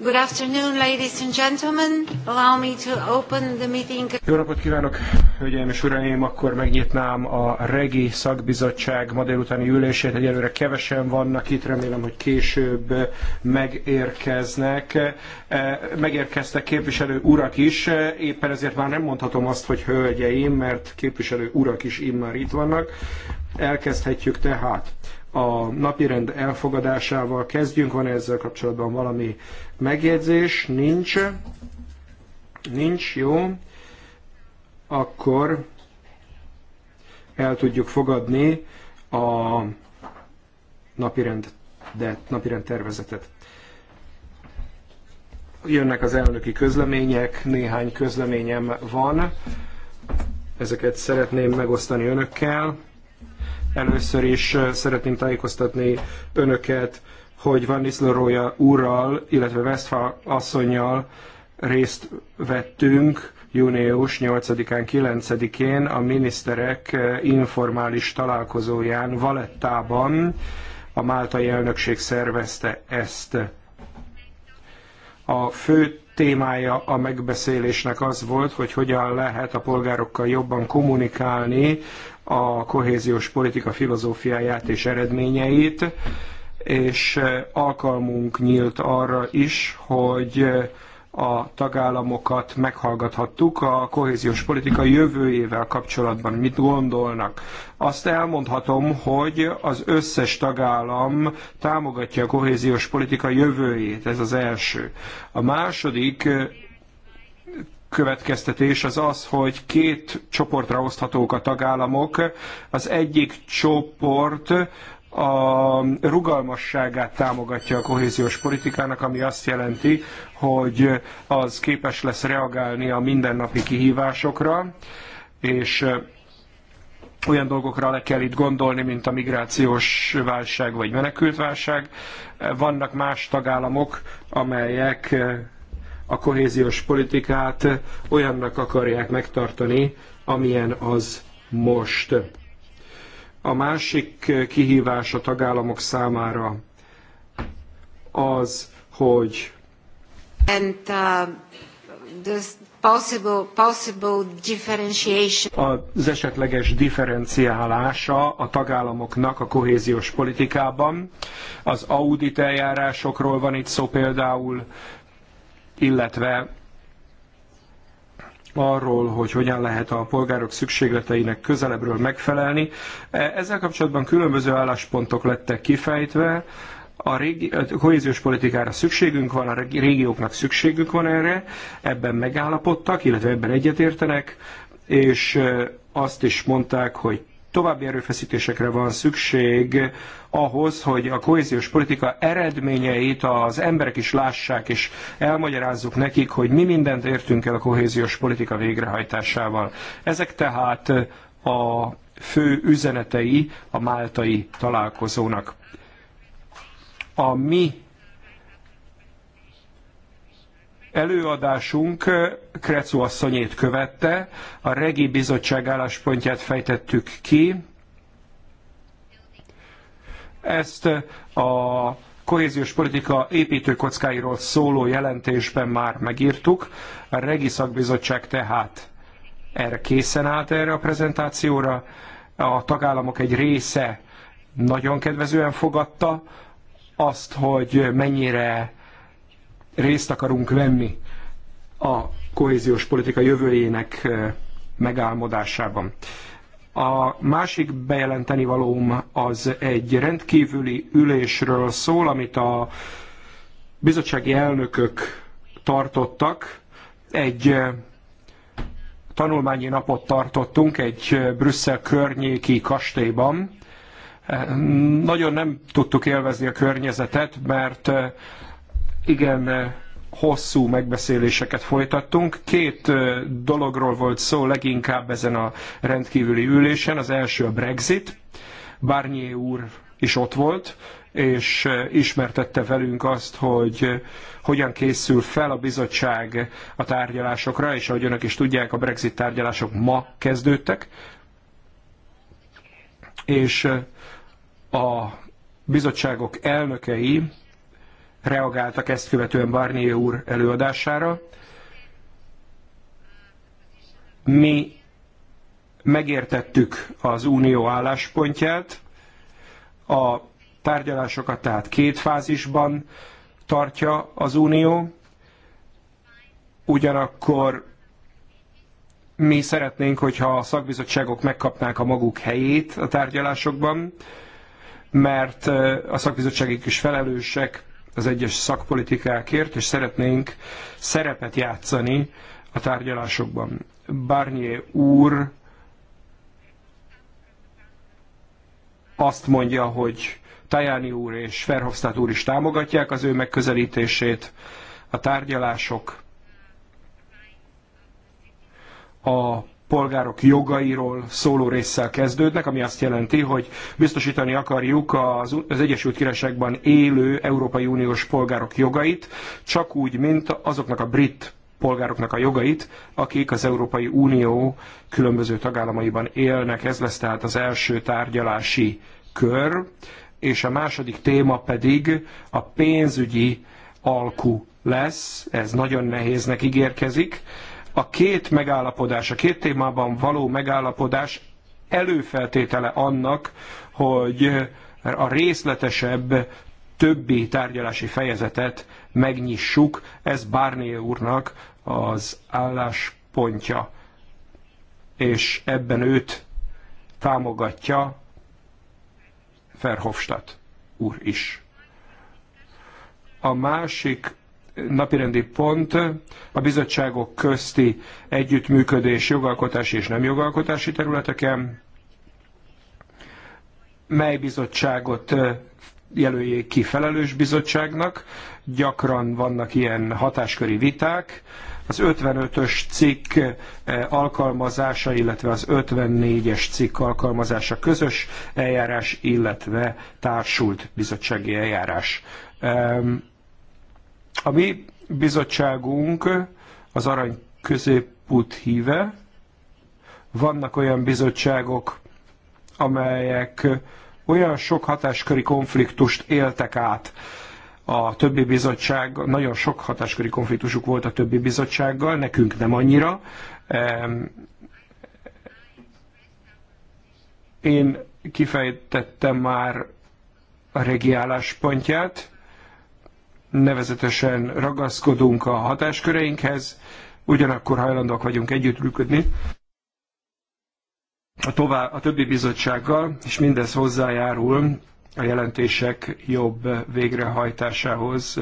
Good afternoon, ladies and gentlemen. Allow me to open the meeting. Jó napot kívánok, hölgyeim és uraim! Akkor megnyitnám a REGI szakbizottság ma délutáni ülését. Egyelőre kevesen vannak itt, remélem, hogy később megérkeznek. E, megérkeztek képviselő urak is, e, éppen ezért már nem mondhatom azt, hogy hölgyeim, mert képviselő urak is immár itt vannak. Elkezdhetjük tehát a napirend elfogadásával kezdjünk. Van -e ezzel kapcsolatban valami megjegyzés? Nincs. Nincs, jó. Akkor el tudjuk fogadni a napirendet, napirend tervezetet. Jönnek az elnöki közlemények, néhány közleményem van, ezeket szeretném megosztani önökkel. Először is szeretném tájékoztatni önöket, hogy Van Nistelrooy úrral, illetve Westphal asszonynal részt vettünk június 8-án, 9-én a miniszterek informális találkozóján Valettában a máltai elnökség szervezte ezt. A fő témája a megbeszélésnek az volt, hogy hogyan lehet a polgárokkal jobban kommunikálni a kohéziós politika filozófiáját és eredményeit, és eh, alkalmunk nyílt arra is, hogy eh, a tagállamokat meghallgathattuk a kohéziós politika jövőjével kapcsolatban, mit gondolnak. Azt elmondhatom, hogy az összes tagállam támogatja a kohéziós politika jövőjét, ez az első. A második eh, következtetés az az, hogy két csoportra oszthatók a tagállamok. Az egyik csoport a rugalmasságát támogatja a kohéziós politikának, ami azt jelenti, hogy az képes lesz reagálni a mindennapi kihívásokra, és olyan dolgokra le kell itt gondolni, mint a migrációs válság vagy menekültválság. Vannak más tagállamok, amelyek a kohéziós politikát olyannak akarják megtartani, amilyen az most. A másik kihívás a tagállamok számára az, hogy And, uh, possible, possible differentiation. az esetleges differenciálása a tagállamoknak a kohéziós politikában. Az audit eljárásokról van itt szó például, illetve arról, hogy hogyan lehet a polgárok szükségleteinek közelebbről megfelelni. E, ezzel kapcsolatban különböző álláspontok lettek kifejtve. A, régi, a kohéziós politikára szükségünk van, a régióknak szükségük van erre, ebben megállapodtak, illetve ebben egyetértenek, és e, azt is mondták, hogy további erőfeszítésekre van szükség ahhoz, hogy a kohéziós politika eredményeit az emberek is lássák, és elmagyarázzuk nekik, hogy mi mindent értünk el a kohéziós politika végrehajtásával. Ezek tehát a fő üzenetei a máltai találkozónak. A mi előadásunk Krecu asszonyét követte, a Regi Bizottság álláspontját fejtettük ki. Ezt a kohéziós politika építőkockáiról szóló jelentésben már megírtuk. A Regi Szakbizottság tehát erre készen állt erre a prezentációra. A tagállamok egy része nagyon kedvezően fogadta azt, hogy mennyire részt akarunk venni a kohéziós politika jövőjének eh, megálmodásában. A másik bejelenteni valóm az egy rendkívüli ülésről szól, amit a bizottsági elnökök tartottak. Egy eh, tanulmányi napot tartottunk egy eh, Brüsszel környéki kastélyban. Nagyon nem tudtuk élvezni a környezetet, mert igen eh, hosszú megbeszéléseket folytattunk. Két eh, dologról volt szó leginkább ezen a rendkívüli ülésen. Az első a Brexit. Barnier úr is ott volt, és eh, ismertette velünk azt, hogy hogyan készül fel a bizottság a tárgyalásokra, és ahogy önök is tudják, a Brexit tárgyalások ma kezdődtek, és a bizottságok elnökei reagáltak ezt követően Barnier úr előadására. Mi megértettük az unió álláspontját, a tárgyalásokat tehát két fázisban tartja az unió, ugyanakkor mi szeretnénk, hogyha a szakbizottságok megkapnák a maguk helyét a tárgyalásokban, mert a szakbizottságok is felelősek az egyes szakpolitikákért, és szeretnénk szerepet játszani a tárgyalásokban. Barnier úr azt mondja, hogy Tajani úr és Verhofstadt úr is támogatják az ő megközelítését, a tárgyalások a polgárok jogairól szóló résszel kezdődnek, ami azt jelenti, hogy biztosítani akarjuk az, az Egyesült Királyságban élő Európai Uniós polgárok jogait, csak úgy, mint azoknak a brit polgároknak a jogait, akik az Európai Unió különböző tagállamaiban élnek. Ez lesz tehát az első tárgyalási kör, és a második téma pedig a pénzügyi alku lesz, ez nagyon nehéznek ígérkezik, a két megállapodás, a két témában való megállapodás előfeltétele annak, hogy a részletesebb többi tárgyalási fejezetet megnyissuk. Ez Barné úrnak az álláspontja, és ebben őt támogatja Verhofstadt úr is. A másik napirendi pont a bizottságok közti együttműködés jogalkotási és nem jogalkotási területeken, mely bizottságot jelöljék ki felelős bizottságnak. Gyakran vannak ilyen hatásköri viták. Az 55-ös cikk alkalmazása, illetve az 54-es cikk alkalmazása közös eljárás, illetve társult bizottsági eljárás. Um, a mi bizottságunk az arany középút híve. Vannak olyan bizottságok, amelyek olyan sok hatásköri konfliktust éltek át, a többi bizottság, nagyon sok hatásköri konfliktusuk volt a többi bizottsággal, nekünk nem annyira. Én kifejtettem már a regi álláspontját, nevezetesen ragaszkodunk a hatásköreinkhez, ugyanakkor hajlandóak vagyunk együttműködni a, tovább, a többi bizottsággal, és mindez hozzájárul a jelentések jobb végrehajtásához.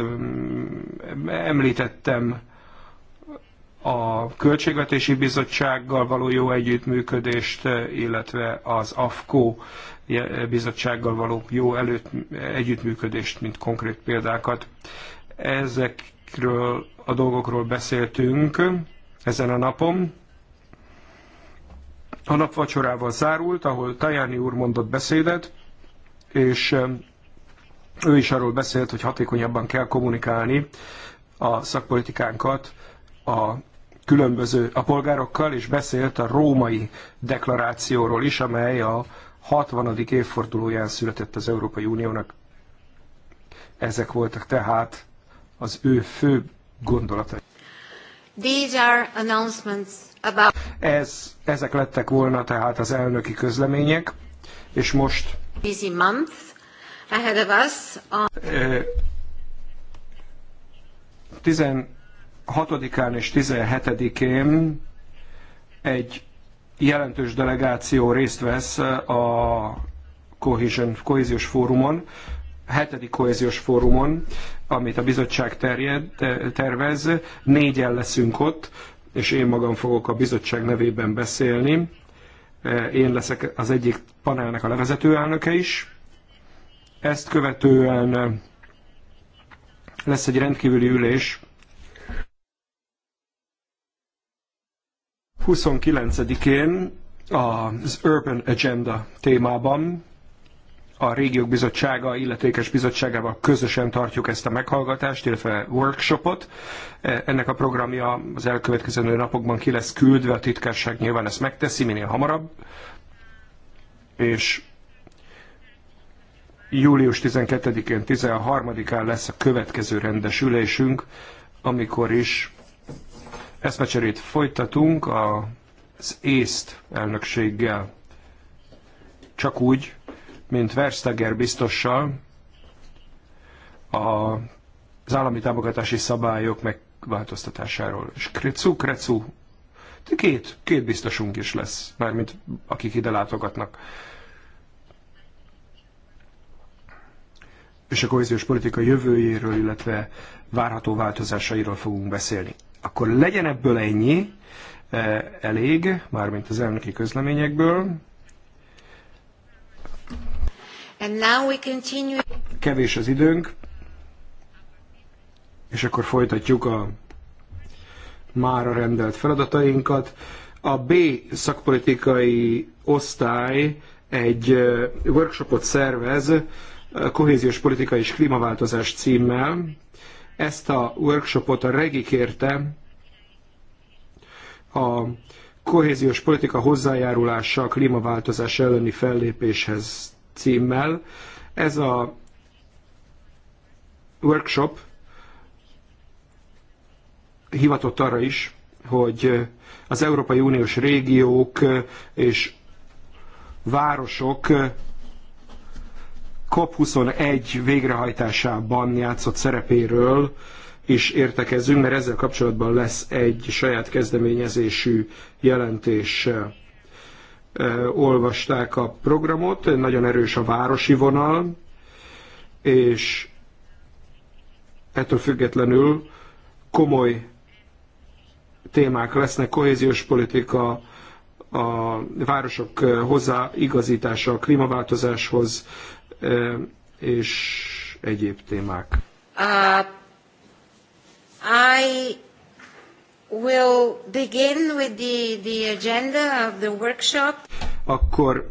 Említettem a Költségvetési Bizottsággal való jó együttműködést, illetve az AFKO bizottsággal való jó előtt, együttműködést, mint konkrét példákat. Ezekről a dolgokról beszéltünk ezen a napon. A nap vacsorával zárult, ahol Tajani úr mondott beszédet, és um, ő is arról beszélt, hogy hatékonyabban kell kommunikálni a szakpolitikánkat a különböző a polgárokkal, és beszélt a római deklarációról is, amely a 60. évfordulóján született az Európai Uniónak. Ezek voltak tehát az ő fő gondolatai. These are announcements about... Ez, ezek lettek volna tehát az elnöki közlemények, és most... Busy month ahead of us on... 16-án és 17-én egy jelentős delegáció részt vesz a Cohesion, kohéziós fórumon, hetedik kohéziós fórumon, amit a bizottság terjed, tervez. Négyen leszünk ott, és én magam fogok a bizottság nevében beszélni. Én leszek az egyik panelnek a levezető elnöke is. Ezt követően lesz egy rendkívüli ülés 29-én az Urban Agenda témában a Régiók Bizottsága illetékes bizottságával közösen tartjuk ezt a meghallgatást, illetve workshopot. E, ennek a programja az elkövetkező napokban ki lesz küldve, a titkárság nyilván ezt megteszi minél hamarabb, és július 12-én, 13-án lesz a következő rendes ülésünk, amikor is Eszmecserét folytatunk az észt elnökséggel. Csak úgy, mint Verstager biztossal a, az állami támogatási szabályok megváltoztatásáról. És Krecu, Krecu, két, két biztosunk is lesz, mármint akik ide látogatnak. és a kohéziós politika jövőjéről, illetve várható változásairól fogunk beszélni akkor legyen ebből ennyi, e, elég, mármint az elnöki közleményekből. And now we continue. Kevés az időnk, és akkor folytatjuk a mára rendelt feladatainkat. A B szakpolitikai osztály egy e, workshopot szervez e, kohéziós politika és klímaváltozás címmel, ezt a workshopot a Regi kérte a kohéziós politika hozzájárulása a klímaváltozás elleni fellépéshez címmel. Ez a workshop hivatott arra is, hogy az Európai Uniós régiók és városok COP21 végrehajtásában játszott szerepéről is értekezünk, mert ezzel kapcsolatban lesz egy saját kezdeményezésű jelentés. Olvasták a programot, nagyon erős a városi vonal, és ettől függetlenül komoly témák lesznek, kohéziós politika, a városok hozzáigazítása a klímaváltozáshoz, és egyéb témák. Uh, I will begin with the, the agenda of the workshop. Akkor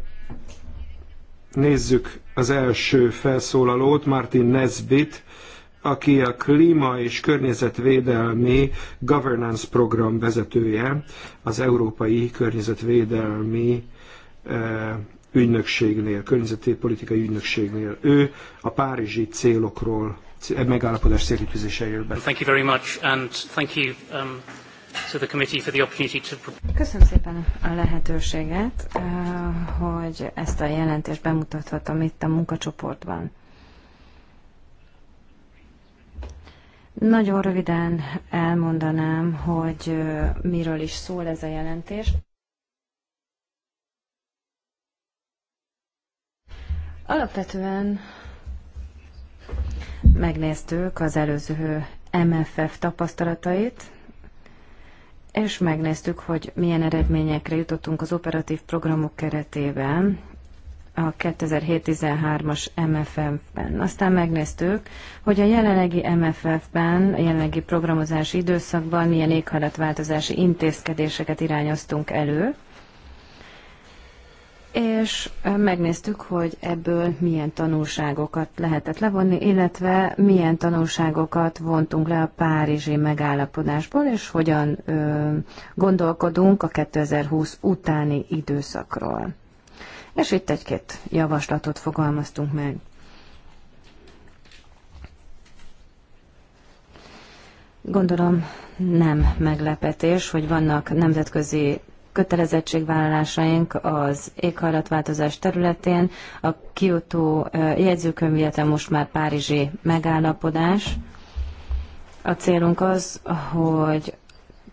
nézzük az első felszólalót, Martin Nesbit, aki a klíma és környezetvédelmi governance program vezetője, az Európai Környezetvédelmi ügynökségnél, környezeti politikai ügynökségnél. Ő a párizsi célokról, e megállapodás célkitűzéseiről Thank you very much and thank you um, to the committee for the opportunity to... Köszönöm szépen a lehetőséget, eh, hogy ezt a jelentést bemutathatom itt a munkacsoportban. Nagyon röviden elmondanám, hogy eh, miről is szól ez a jelentés. Alapvetően megnéztük az előző MFF tapasztalatait, és megnéztük, hogy milyen eredményekre jutottunk az operatív programok keretében a 2007-13-as MFF-ben. Aztán megnéztük, hogy a jelenlegi MFF-ben, a jelenlegi programozási időszakban milyen éghajlatváltozási intézkedéseket irányoztunk elő, és megnéztük, hogy ebből milyen tanulságokat lehetett levonni, illetve milyen tanulságokat vontunk le a Párizsi megállapodásból, és hogyan ö, gondolkodunk a 2020 utáni időszakról. És itt egy-két javaslatot fogalmaztunk meg. Gondolom nem meglepetés, hogy vannak nemzetközi kötelezettségvállalásaink az éghajlatváltozás területén, a Kyoto jegyzőkönyv, illetve most már Párizsi megállapodás. A célunk az, hogy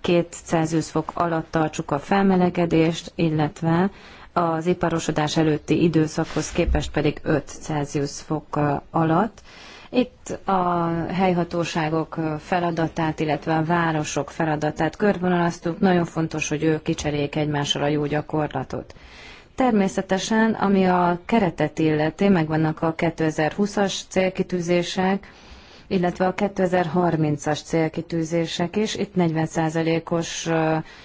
két Celsius fok alatt tartsuk a felmelegedést, illetve az iparosodás előtti időszakhoz képest pedig 5 Celsius fok alatt. Itt a helyhatóságok feladatát, illetve a városok feladatát körvonalaztuk. Nagyon fontos, hogy ők kicserék egymással a jó gyakorlatot. Természetesen, ami a keretet illeti, megvannak a 2020-as célkitűzések, illetve a 2030-as célkitűzések is. Itt 40%-os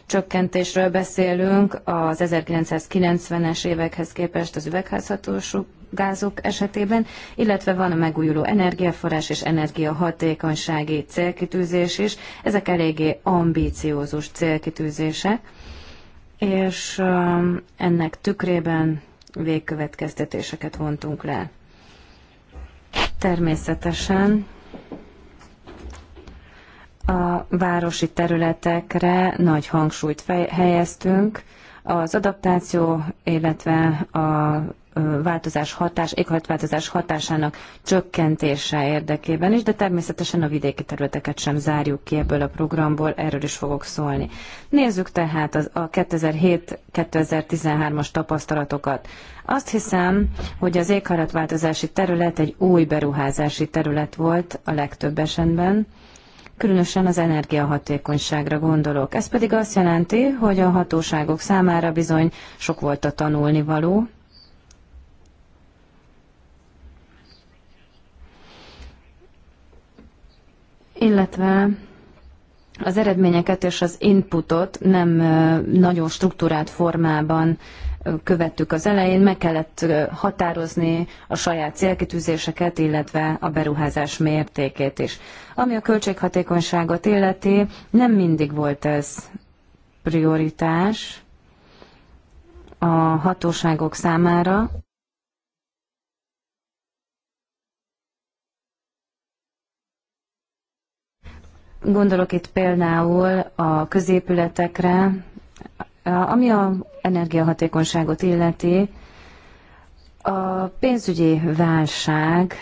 csökkentésről beszélünk az 1990-es évekhez képest az üvegházhatású gázok esetében, illetve van a megújuló energiaforrás és energiahatékonysági célkitűzés is. Ezek eléggé ambíciózus célkitűzése, és um, ennek tükrében végkövetkeztetéseket vontunk le. Természetesen a városi területekre nagy hangsúlyt fejeztünk, az adaptáció, illetve a változás hatás, éghajlatváltozás hatásának csökkentése érdekében is, de természetesen a vidéki területeket sem zárjuk ki ebből a programból, erről is fogok szólni. Nézzük tehát az, a 2007-2013-as tapasztalatokat. Azt hiszem, hogy az éghajlatváltozási terület egy új beruházási terület volt a legtöbb esetben, különösen az energiahatékonyságra gondolok. Ez pedig azt jelenti, hogy a hatóságok számára bizony sok volt a tanulnivaló, illetve az eredményeket és az inputot nem nagyon struktúrált formában követtük az elején, meg kellett határozni a saját célkitűzéseket, illetve a beruházás mértékét is. Ami a költséghatékonyságot illeti, nem mindig volt ez prioritás a hatóságok számára. Gondolok itt például a középületekre, ami a energiahatékonyságot illeti, a pénzügyi válság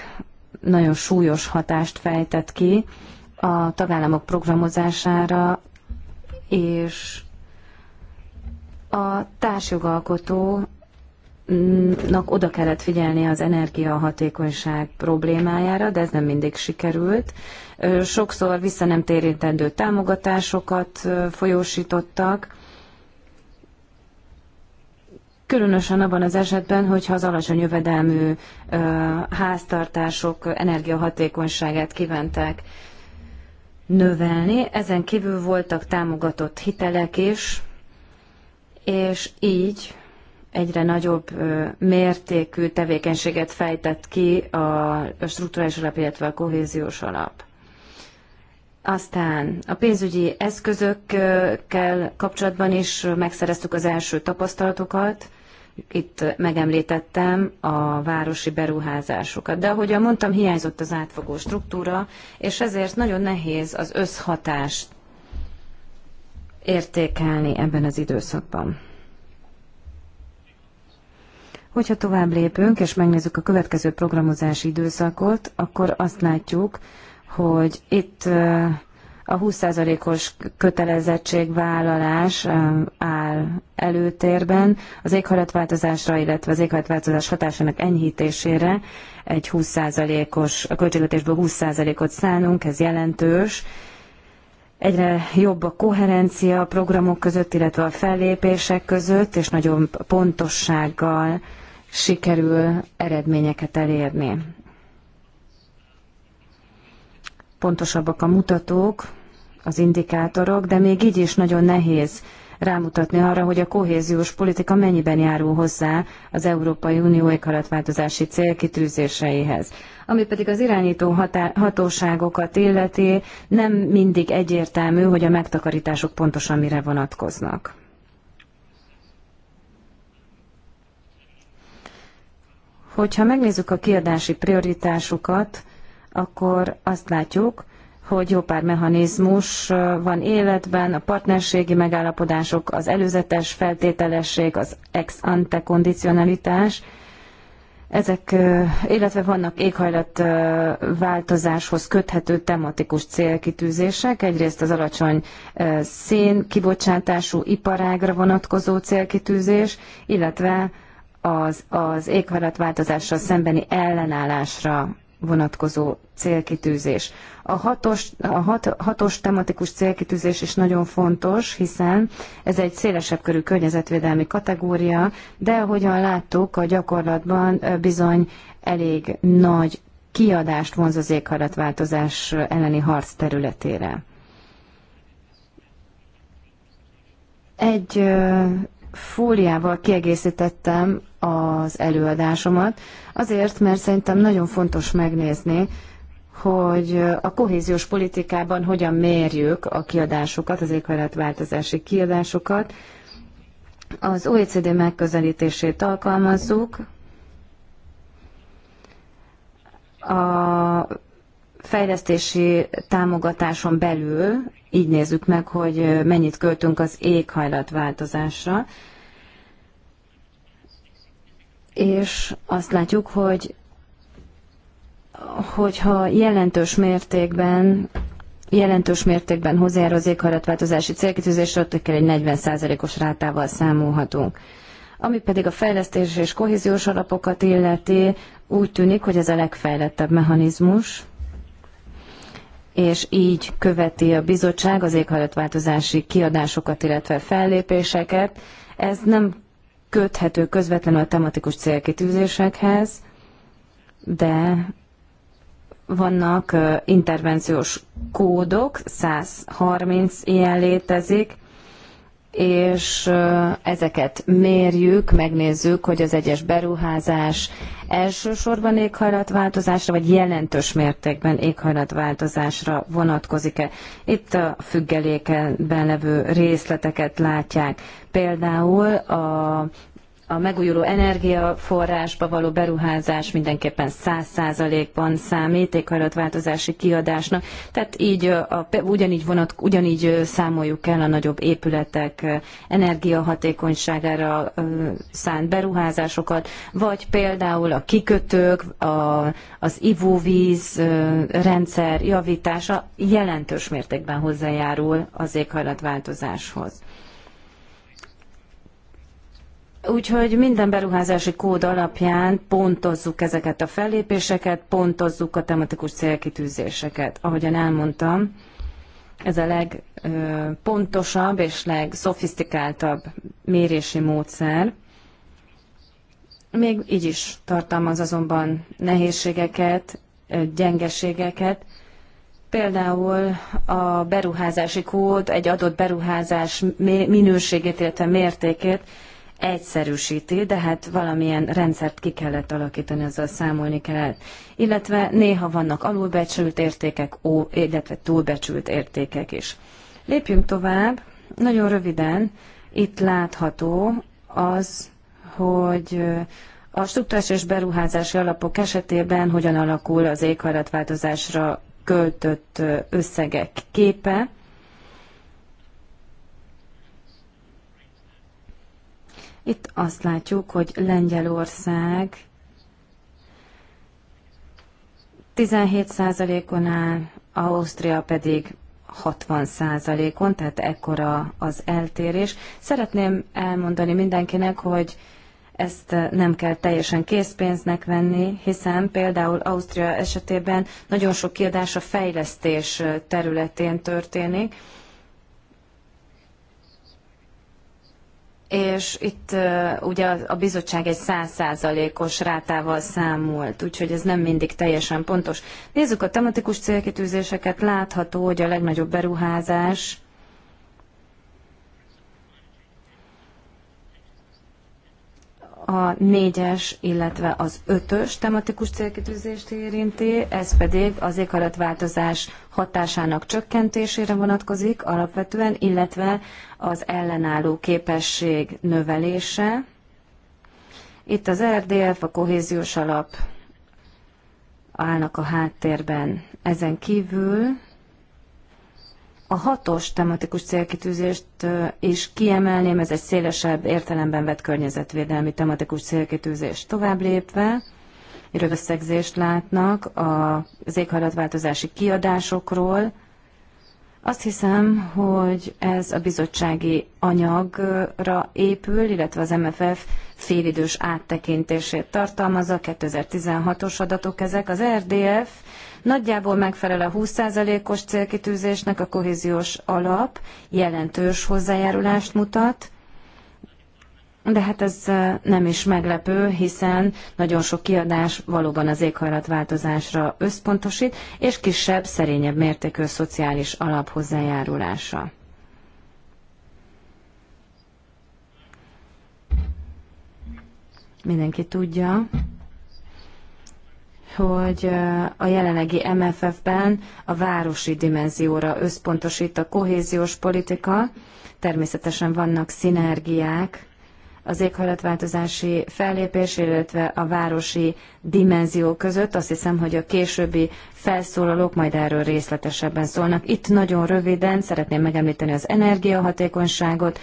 nagyon súlyos hatást fejtett ki a tagállamok programozására, és a társjogalkotó nak oda kellett figyelni az energiahatékonyság problémájára, de ez nem mindig sikerült. Sokszor vissza nem térítendő támogatásokat folyósítottak, Különösen abban az esetben, hogyha az alacsony jövedelmű háztartások energiahatékonyságát kívánták növelni. Ezen kívül voltak támogatott hitelek is, és így egyre nagyobb mértékű tevékenységet fejtett ki a strukturális alap, illetve a kohéziós alap. Aztán a pénzügyi eszközökkel kapcsolatban is megszereztük az első tapasztalatokat. Itt megemlítettem a városi beruházásokat. De ahogy mondtam, hiányzott az átfogó struktúra, és ezért nagyon nehéz az összhatást értékelni ebben az időszakban. Hogyha tovább lépünk, és megnézzük a következő programozási időszakot, akkor azt látjuk, hogy itt a 20%-os kötelezettségvállalás áll előtérben az éghajlatváltozásra, illetve az éghajlatváltozás hatásának enyhítésére egy 20%-os, a költségvetésből 20%-ot szánunk, ez jelentős. Egyre jobb a koherencia a programok között, illetve a fellépések között, és nagyobb pontossággal sikerül eredményeket elérni. Pontosabbak a mutatók, az indikátorok, de még így is nagyon nehéz rámutatni arra, hogy a kohéziós politika mennyiben járul hozzá az Európai Unió éghajlatváltozási célkitűzéseihez. Ami pedig az irányító hatá- hatóságokat illeti, nem mindig egyértelmű, hogy a megtakarítások pontosan mire vonatkoznak. Hogyha megnézzük a kiadási prioritásokat, akkor azt látjuk, hogy jó pár mechanizmus van életben, a partnerségi megállapodások, az előzetes feltételesség, az ex ante kondicionalitás, ezek, illetve vannak éghajlatváltozáshoz köthető tematikus célkitűzések, egyrészt az alacsony szén kibocsátású iparágra vonatkozó célkitűzés, illetve az, az éghajlatváltozással szembeni ellenállásra vonatkozó célkitűzés. A hatos, a hat, hatos tematikus célkitűzés is nagyon fontos, hiszen ez egy szélesebb körű környezetvédelmi kategória, de ahogyan láttuk, a gyakorlatban bizony elég nagy kiadást vonz az éghajlatváltozás elleni harc területére. Egy fóliával kiegészítettem az előadásomat, azért, mert szerintem nagyon fontos megnézni, hogy a kohéziós politikában hogyan mérjük a kiadásokat, az éghajlatváltozási kiadásokat. Az OECD megközelítését alkalmazzuk, a fejlesztési támogatáson belül így nézzük meg, hogy mennyit költünk az éghajlatváltozásra, és azt látjuk, hogy hogyha jelentős mértékben jelentős mértékben hozzájárul az éghajlatváltozási célkitűzésre, ott kell egy 40%-os rátával számolhatunk. Ami pedig a fejlesztés és kohéziós alapokat illeti, úgy tűnik, hogy ez a legfejlettebb mechanizmus, és így követi a bizottság az éghajlatváltozási kiadásokat, illetve fellépéseket. Ez nem köthető közvetlenül a tematikus célkitűzésekhez, de vannak intervenciós kódok, 130 ilyen létezik, és ezeket mérjük, megnézzük, hogy az egyes beruházás elsősorban éghajlatváltozásra, vagy jelentős mértékben éghajlatváltozásra vonatkozik-e. Itt a függelékenben levő részleteket látják. Például a a megújuló energiaforrásba való beruházás mindenképpen száz százalékban számít éghajlatváltozási kiadásnak. Tehát így a, ugyanígy, vonat, ugyanígy számoljuk el a nagyobb épületek energiahatékonyságára szánt beruházásokat, vagy például a kikötők, a, az ivóvíz rendszer javítása jelentős mértékben hozzájárul az éghajlatváltozáshoz. Úgyhogy minden beruházási kód alapján pontozzuk ezeket a fellépéseket, pontozzuk a tematikus célkitűzéseket. Ahogyan elmondtam, ez a legpontosabb és legszofisztikáltabb mérési módszer. Még így is tartalmaz azonban nehézségeket, gyengeségeket. Például a beruházási kód egy adott beruházás minőségét, illetve mértékét egyszerűsíti, de hát valamilyen rendszert ki kellett alakítani, azzal számolni kellett. Illetve néha vannak alulbecsült értékek, ó, illetve túlbecsült értékek is. Lépjünk tovább. Nagyon röviden itt látható az, hogy a struktúrás és beruházási alapok esetében hogyan alakul az éghajlatváltozásra költött összegek képe. Itt azt látjuk, hogy Lengyelország 17%-on áll, Ausztria pedig 60%-on, tehát ekkora az eltérés. Szeretném elmondani mindenkinek, hogy ezt nem kell teljesen készpénznek venni, hiszen például Ausztria esetében nagyon sok kiadás a fejlesztés területén történik, és itt ugye a bizottság egy százszázalékos rátával számolt, úgyhogy ez nem mindig teljesen pontos. Nézzük a tematikus célkitűzéseket, látható, hogy a legnagyobb beruházás a négyes, illetve az ötös tematikus célkitűzést érinti, ez pedig az éghajlatváltozás hatásának csökkentésére vonatkozik alapvetően, illetve az ellenálló képesség növelése. Itt az RDF, a kohéziós alap állnak a háttérben. Ezen kívül a hatos tematikus célkitűzést is kiemelném, ez egy szélesebb értelemben vett környezetvédelmi tematikus célkitűzés. Tovább lépve, összegzést látnak az éghajlatváltozási kiadásokról. Azt hiszem, hogy ez a bizottsági anyagra épül, illetve az MFF félidős áttekintését tartalmazza, 2016-os adatok ezek. Az RDF Nagyjából megfelel a 20%-os célkitűzésnek a kohéziós alap, jelentős hozzájárulást mutat, de hát ez nem is meglepő, hiszen nagyon sok kiadás valóban az éghajlatváltozásra összpontosít, és kisebb, szerényebb mértékű szociális alap hozzájárulása. Mindenki tudja, hogy a jelenlegi MFF-ben a városi dimenzióra összpontosít a kohéziós politika. Természetesen vannak szinergiák az éghajlatváltozási fellépés, illetve a városi dimenzió között. Azt hiszem, hogy a későbbi felszólalók majd erről részletesebben szólnak. Itt nagyon röviden szeretném megemlíteni az energiahatékonyságot,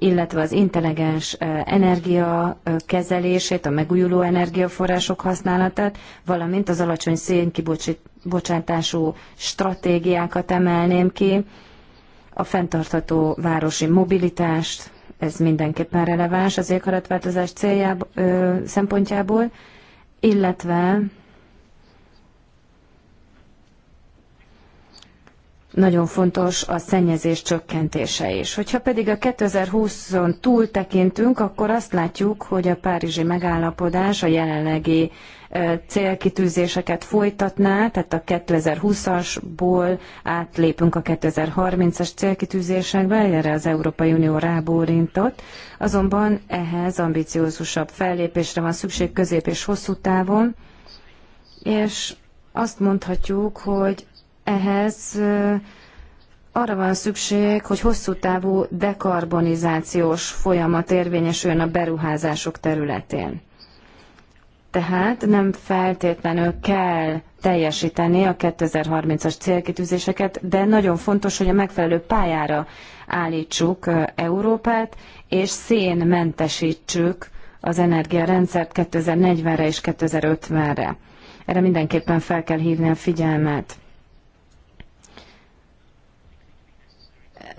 illetve az intelligens energia kezelését, a megújuló energiaforrások használatát, valamint az alacsony szénkibocsátású stratégiákat emelném ki, a fenntartható városi mobilitást, ez mindenképpen releváns az éghajlatváltozás céljából, szempontjából, illetve nagyon fontos a szennyezés csökkentése is. Hogyha pedig a 2020-on túl tekintünk, akkor azt látjuk, hogy a párizsi megállapodás a jelenlegi célkitűzéseket folytatná, tehát a 2020-asból átlépünk a 2030-as célkitűzésekbe, erre az Európai Unió rábólintott, azonban ehhez ambiciózusabb fellépésre van szükség közép és hosszú távon, és azt mondhatjuk, hogy ehhez arra van szükség, hogy hosszú távú dekarbonizációs folyamat érvényesüljön a beruházások területén. Tehát nem feltétlenül kell teljesíteni a 2030-as célkitűzéseket, de nagyon fontos, hogy a megfelelő pályára állítsuk Európát, és szénmentesítsük az energiarendszert 2040-re és 2050-re. Erre mindenképpen fel kell hívni a figyelmet.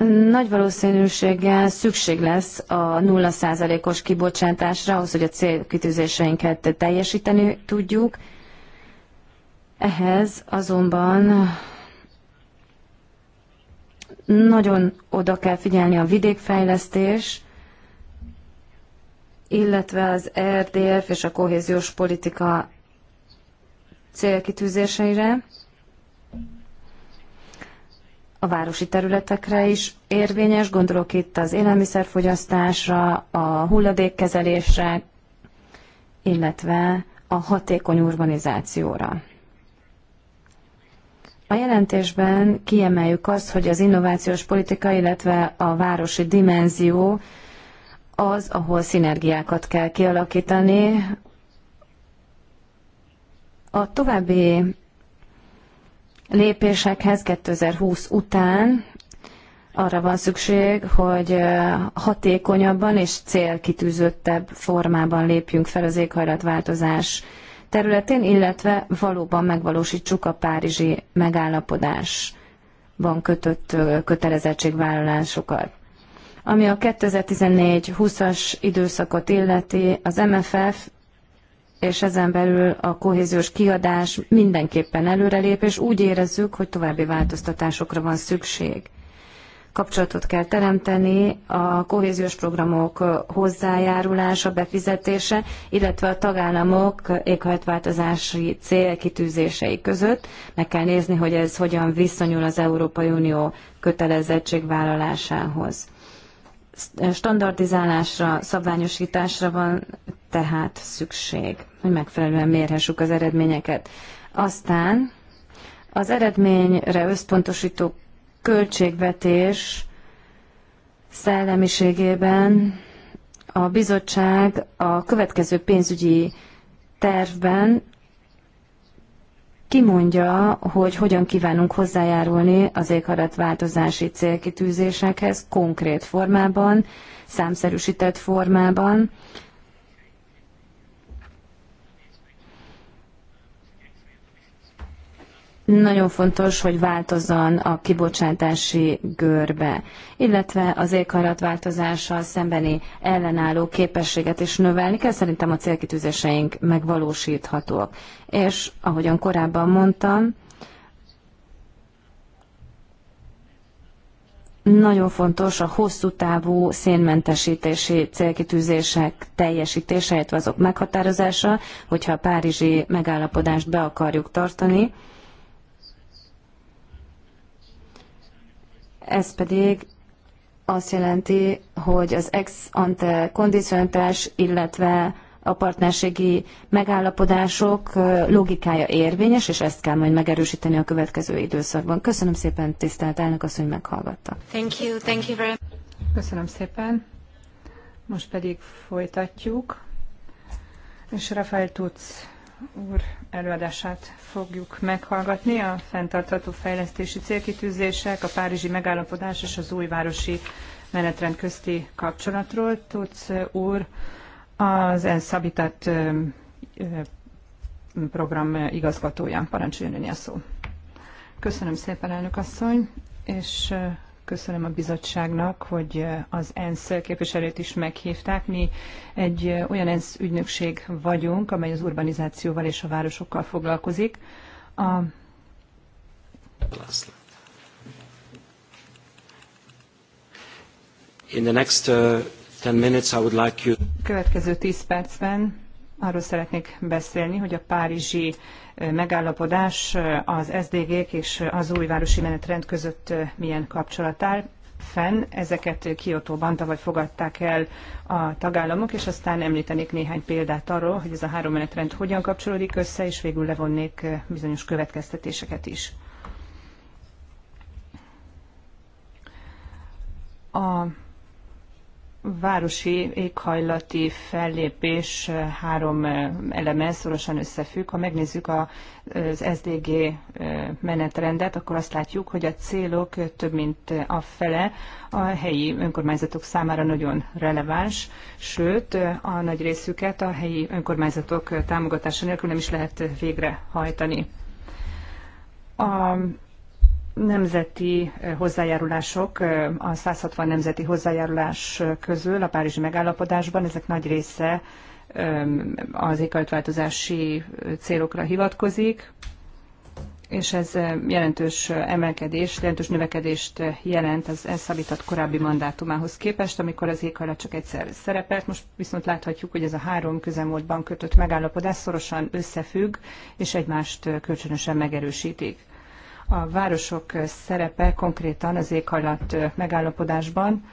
Nagy valószínűséggel szükség lesz a 0%-os kibocsátásra, ahhoz, hogy a célkitűzéseinket teljesíteni tudjuk. Ehhez azonban nagyon oda kell figyelni a vidékfejlesztés, illetve az RDF és a kohéziós politika célkitűzéseire a városi területekre is érvényes, gondolok itt az élelmiszerfogyasztásra, a hulladékkezelésre, illetve a hatékony urbanizációra. A jelentésben kiemeljük azt, hogy az innovációs politika, illetve a városi dimenzió az, ahol szinergiákat kell kialakítani. A további lépésekhez 2020 után arra van szükség, hogy hatékonyabban és célkitűzöttebb formában lépjünk fel az éghajlatváltozás területén, illetve valóban megvalósítsuk a párizsi megállapodásban kötött kötelezettségvállalásokat. Ami a 2014-20-as időszakot illeti, az MFF és ezen belül a kohéziós kiadás mindenképpen előrelépés. Úgy érezzük, hogy további változtatásokra van szükség. Kapcsolatot kell teremteni a kohéziós programok hozzájárulása, befizetése, illetve a tagállamok éghajlatváltozási célkitűzései között. Meg kell nézni, hogy ez hogyan viszonyul az Európai Unió kötelezettségvállalásához standardizálásra, szabványosításra van tehát szükség, hogy megfelelően mérhessük az eredményeket. Aztán az eredményre összpontosító költségvetés szellemiségében a bizottság a következő pénzügyi tervben kimondja, hogy hogyan kívánunk hozzájárulni az éghajlatváltozási célkitűzésekhez konkrét formában, számszerűsített formában, Nagyon fontos, hogy változzon a kibocsátási görbe, illetve az változással szembeni ellenálló képességet is növelni kell. Szerintem a célkitűzéseink megvalósíthatók. És ahogyan korábban mondtam, nagyon fontos a hosszú távú szénmentesítési célkitűzések teljesítése, illetve azok meghatározása, hogyha a párizsi megállapodást be akarjuk tartani. Ez pedig azt jelenti, hogy az ex ante kondicionitás, illetve a partnerségi megállapodások logikája érvényes, és ezt kell majd megerősíteni a következő időszakban. Köszönöm szépen, tisztelt elnök asszony, hogy meghallgatta. Thank you, thank you very much. Köszönöm szépen. Most pedig folytatjuk. És Rafael tudsz úr előadását fogjuk meghallgatni, a fenntartható fejlesztési célkitűzések, a Párizsi megállapodás és az újvárosi menetrend közti kapcsolatról. Tudsz úr az ENSZ Habitat program igazgatóján Parancsoljon a szó. Köszönöm szépen, elnök asszony, és köszönöm a bizottságnak, hogy az ENSZ képviselőt is meghívták. Mi egy olyan ENSZ ügynökség vagyunk, amely az urbanizációval és a városokkal foglalkozik. A In the next uh, 10 minutes I would like you... Következő 10 percben arról szeretnék beszélni, hogy a párizsi megállapodás az SDG-k és az új városi menetrend között milyen kapcsolat áll fenn. Ezeket Kiotóban tavaly fogadták el a tagállamok, és aztán említenék néhány példát arról, hogy ez a három menetrend hogyan kapcsolódik össze, és végül levonnék bizonyos következtetéseket is. A városi éghajlati fellépés eh, három eh, eleme szorosan összefügg. Ha megnézzük az SDG eh, menetrendet, akkor azt látjuk, hogy a célok több mint a fele a helyi önkormányzatok számára nagyon releváns, sőt a nagy részüket a helyi önkormányzatok támogatása nélkül nem is lehet végrehajtani. A nemzeti eh, hozzájárulások, eh, a 160 nemzeti hozzájárulás közül a Párizsi megállapodásban, ezek nagy része eh, az éghajlatváltozási célokra hivatkozik, és ez jelentős emelkedés, jelentős növekedést jelent az elszabított korábbi mandátumához képest, amikor az éghajlat csak egyszer szerepelt. Most viszont láthatjuk, hogy ez a három közelmúltban kötött megállapodás szorosan összefügg, és egymást kölcsönösen megerősítik. A városok szerepe konkrétan az éghajlat megállapodásban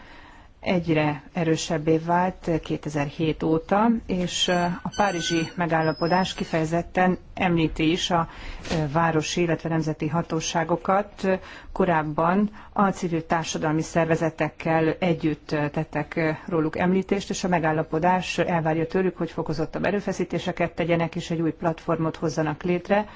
egyre erősebbé vált 2007 óta, és a párizsi megállapodás kifejezetten említi is a városi, illetve nemzeti hatóságokat. Korábban a civil társadalmi szervezetekkel együtt tettek róluk említést, és a megállapodás elvárja tőlük, hogy fokozottabb erőfeszítéseket tegyenek, és egy új platformot hozzanak létre,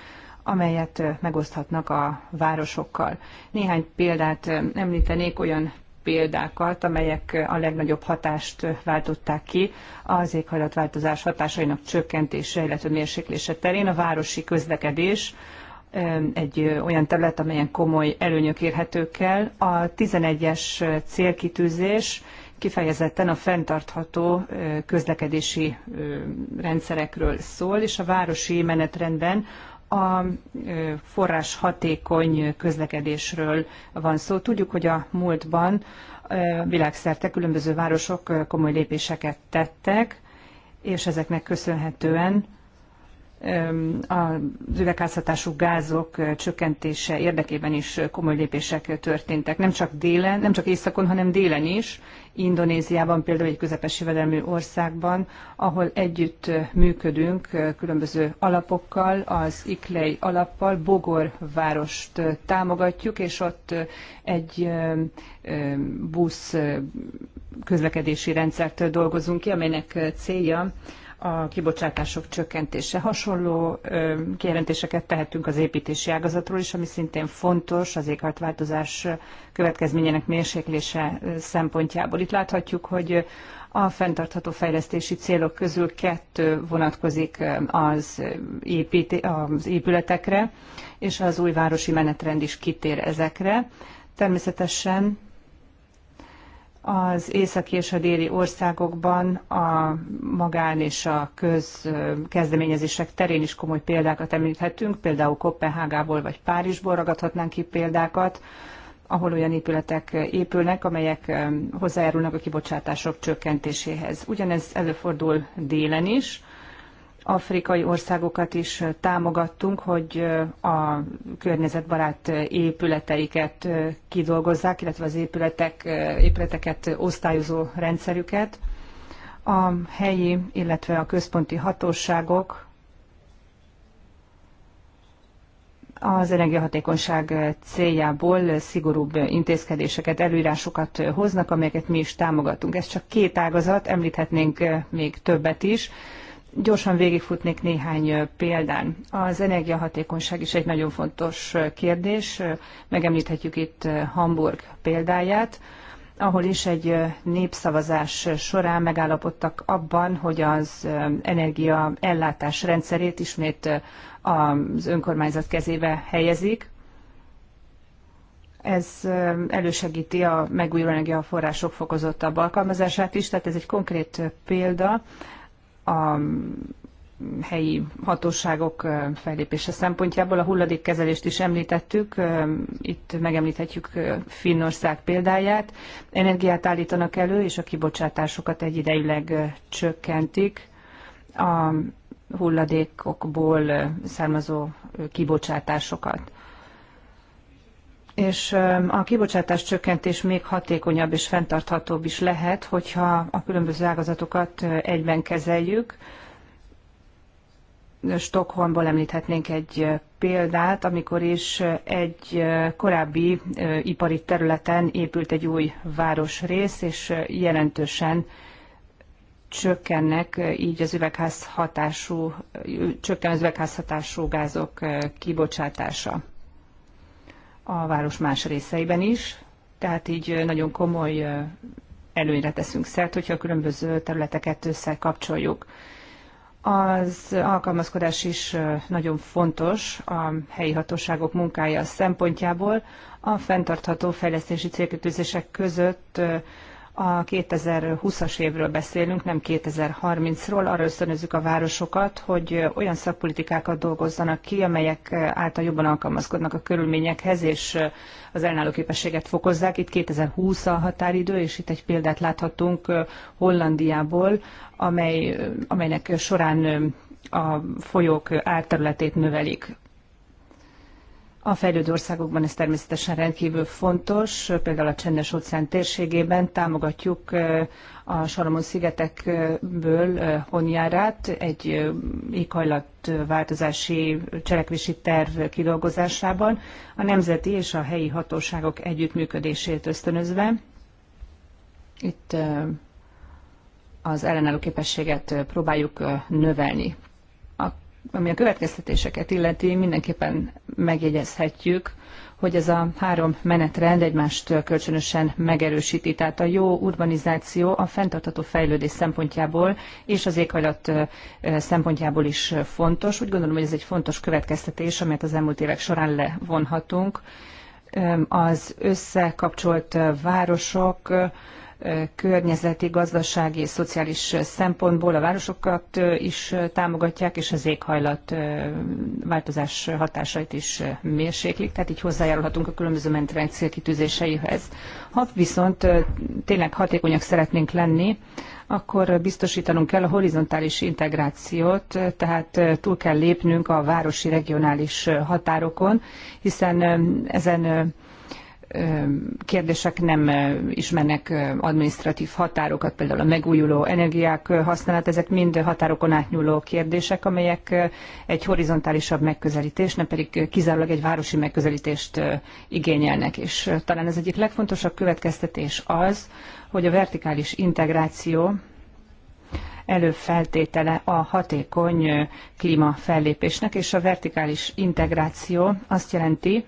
amelyet megoszthatnak a városokkal. Néhány példát említenék, olyan példákat, amelyek a legnagyobb hatást váltották ki az éghajlatváltozás hatásainak csökkentése, illetve mérséklése terén. A városi közlekedés egy olyan terület, amelyen komoly előnyök érhetők el. A 11-es célkitűzés kifejezetten a fenntartható közlekedési rendszerekről szól, és a városi menetrendben a forrás hatékony közlekedésről van szó. Tudjuk, hogy a múltban világszerte különböző városok komoly lépéseket tettek, és ezeknek köszönhetően az üvegházhatású gázok csökkentése érdekében is komoly lépések történtek. Nem csak délen, nem csak északon, hanem délen is. Indonéziában, például egy közepes jövedelmű országban, ahol együtt működünk különböző alapokkal, az Iklei alappal Bogor várost támogatjuk, és ott egy busz közlekedési rendszert dolgozunk ki, amelynek célja a kibocsátások csökkentése. Hasonló kijelentéseket tehetünk az építési ágazatról is, ami szintén fontos az éghajlatváltozás következményének mérséklése szempontjából. Itt láthatjuk, hogy a fenntartható fejlesztési célok közül kettő vonatkozik az, építi, az épületekre, és az új városi menetrend is kitér ezekre. Természetesen az északi és a déli országokban a magán és a közkezdeményezések terén is komoly példákat említhetünk, például Kopenhágából vagy Párizsból ragadhatnánk ki példákat, ahol olyan épületek épülnek, amelyek hozzájárulnak a kibocsátások csökkentéséhez. Ugyanez előfordul délen is, afrikai országokat is támogattunk, hogy a környezetbarát épületeiket kidolgozzák, illetve az épületek, épületeket osztályozó rendszerüket. A helyi, illetve a központi hatóságok az energiahatékonyság céljából szigorúbb intézkedéseket, előírásokat hoznak, amelyeket mi is támogatunk. Ez csak két ágazat, említhetnénk még többet is. Gyorsan végigfutnék néhány példán. Az energiahatékonyság is egy nagyon fontos kérdés. Megemlíthetjük itt Hamburg példáját, ahol is egy népszavazás során megállapodtak abban, hogy az energia ellátás rendszerét ismét az önkormányzat kezébe helyezik. Ez elősegíti a megújuló energiaforrások fokozottabb alkalmazását is, tehát ez egy konkrét példa a helyi hatóságok fellépése szempontjából. A hulladékkezelést is említettük, itt megemlíthetjük Finnország példáját. Energiát állítanak elő, és a kibocsátásokat egyidejűleg csökkentik. A hulladékokból származó kibocsátásokat és a kibocsátás csökkentés még hatékonyabb és fenntarthatóbb is lehet, hogyha a különböző ágazatokat egyben kezeljük. Stockholmból említhetnénk egy példát, amikor is egy korábbi ipari területen épült egy új városrész, és jelentősen csökkennek így az üvegház hatású, csökken az üvegházhatású gázok kibocsátása a város más részeiben is, tehát így nagyon komoly előnyre teszünk szert, hogyha a különböző területeket összekapcsoljuk. Az alkalmazkodás is nagyon fontos a helyi hatóságok munkája szempontjából. A fenntartható fejlesztési célkötőzések között a 2020-as évről beszélünk, nem 2030-ról. Arra ösztönözzük a városokat, hogy olyan szakpolitikákat dolgozzanak ki, amelyek által jobban alkalmazkodnak a körülményekhez, és az ellenálló képességet fokozzák. Itt 2020 a határidő, és itt egy példát láthatunk Hollandiából, amely, amelynek során a folyók árterületét növelik. A fejlődő országokban ez természetesen rendkívül fontos, például a Csendes-óceán térségében támogatjuk a Salamon-szigetekből Honjárát egy éghajlatváltozási cselekvési terv kidolgozásában, a nemzeti és a helyi hatóságok együttműködését ösztönözve. Itt az ellenálló képességet próbáljuk növelni ami a következtetéseket illeti, mindenképpen megjegyezhetjük, hogy ez a három menetrend egymást kölcsönösen megerősíti. Tehát a jó urbanizáció a fenntartható fejlődés szempontjából és az éghajlat szempontjából is fontos. Úgy gondolom, hogy ez egy fontos következtetés, amit az elmúlt évek során levonhatunk. Az összekapcsolt városok, környezeti, gazdasági, szociális szempontból a városokat is támogatják, és az éghajlat változás hatásait is mérséklik, tehát így hozzájárulhatunk a különböző mentrend célkitűzéseihez. Ha viszont tényleg hatékonyak szeretnénk lenni, akkor biztosítanunk kell a horizontális integrációt, tehát túl kell lépnünk a városi regionális határokon, hiszen ezen kérdések nem ismernek administratív határokat, például a megújuló energiák használat, ezek mind határokon átnyúló kérdések, amelyek egy horizontálisabb megközelítés, nem pedig kizárólag egy városi megközelítést igényelnek. És talán az egyik legfontosabb következtetés az, hogy a vertikális integráció előfeltétele a hatékony klímafellépésnek, és a vertikális integráció azt jelenti,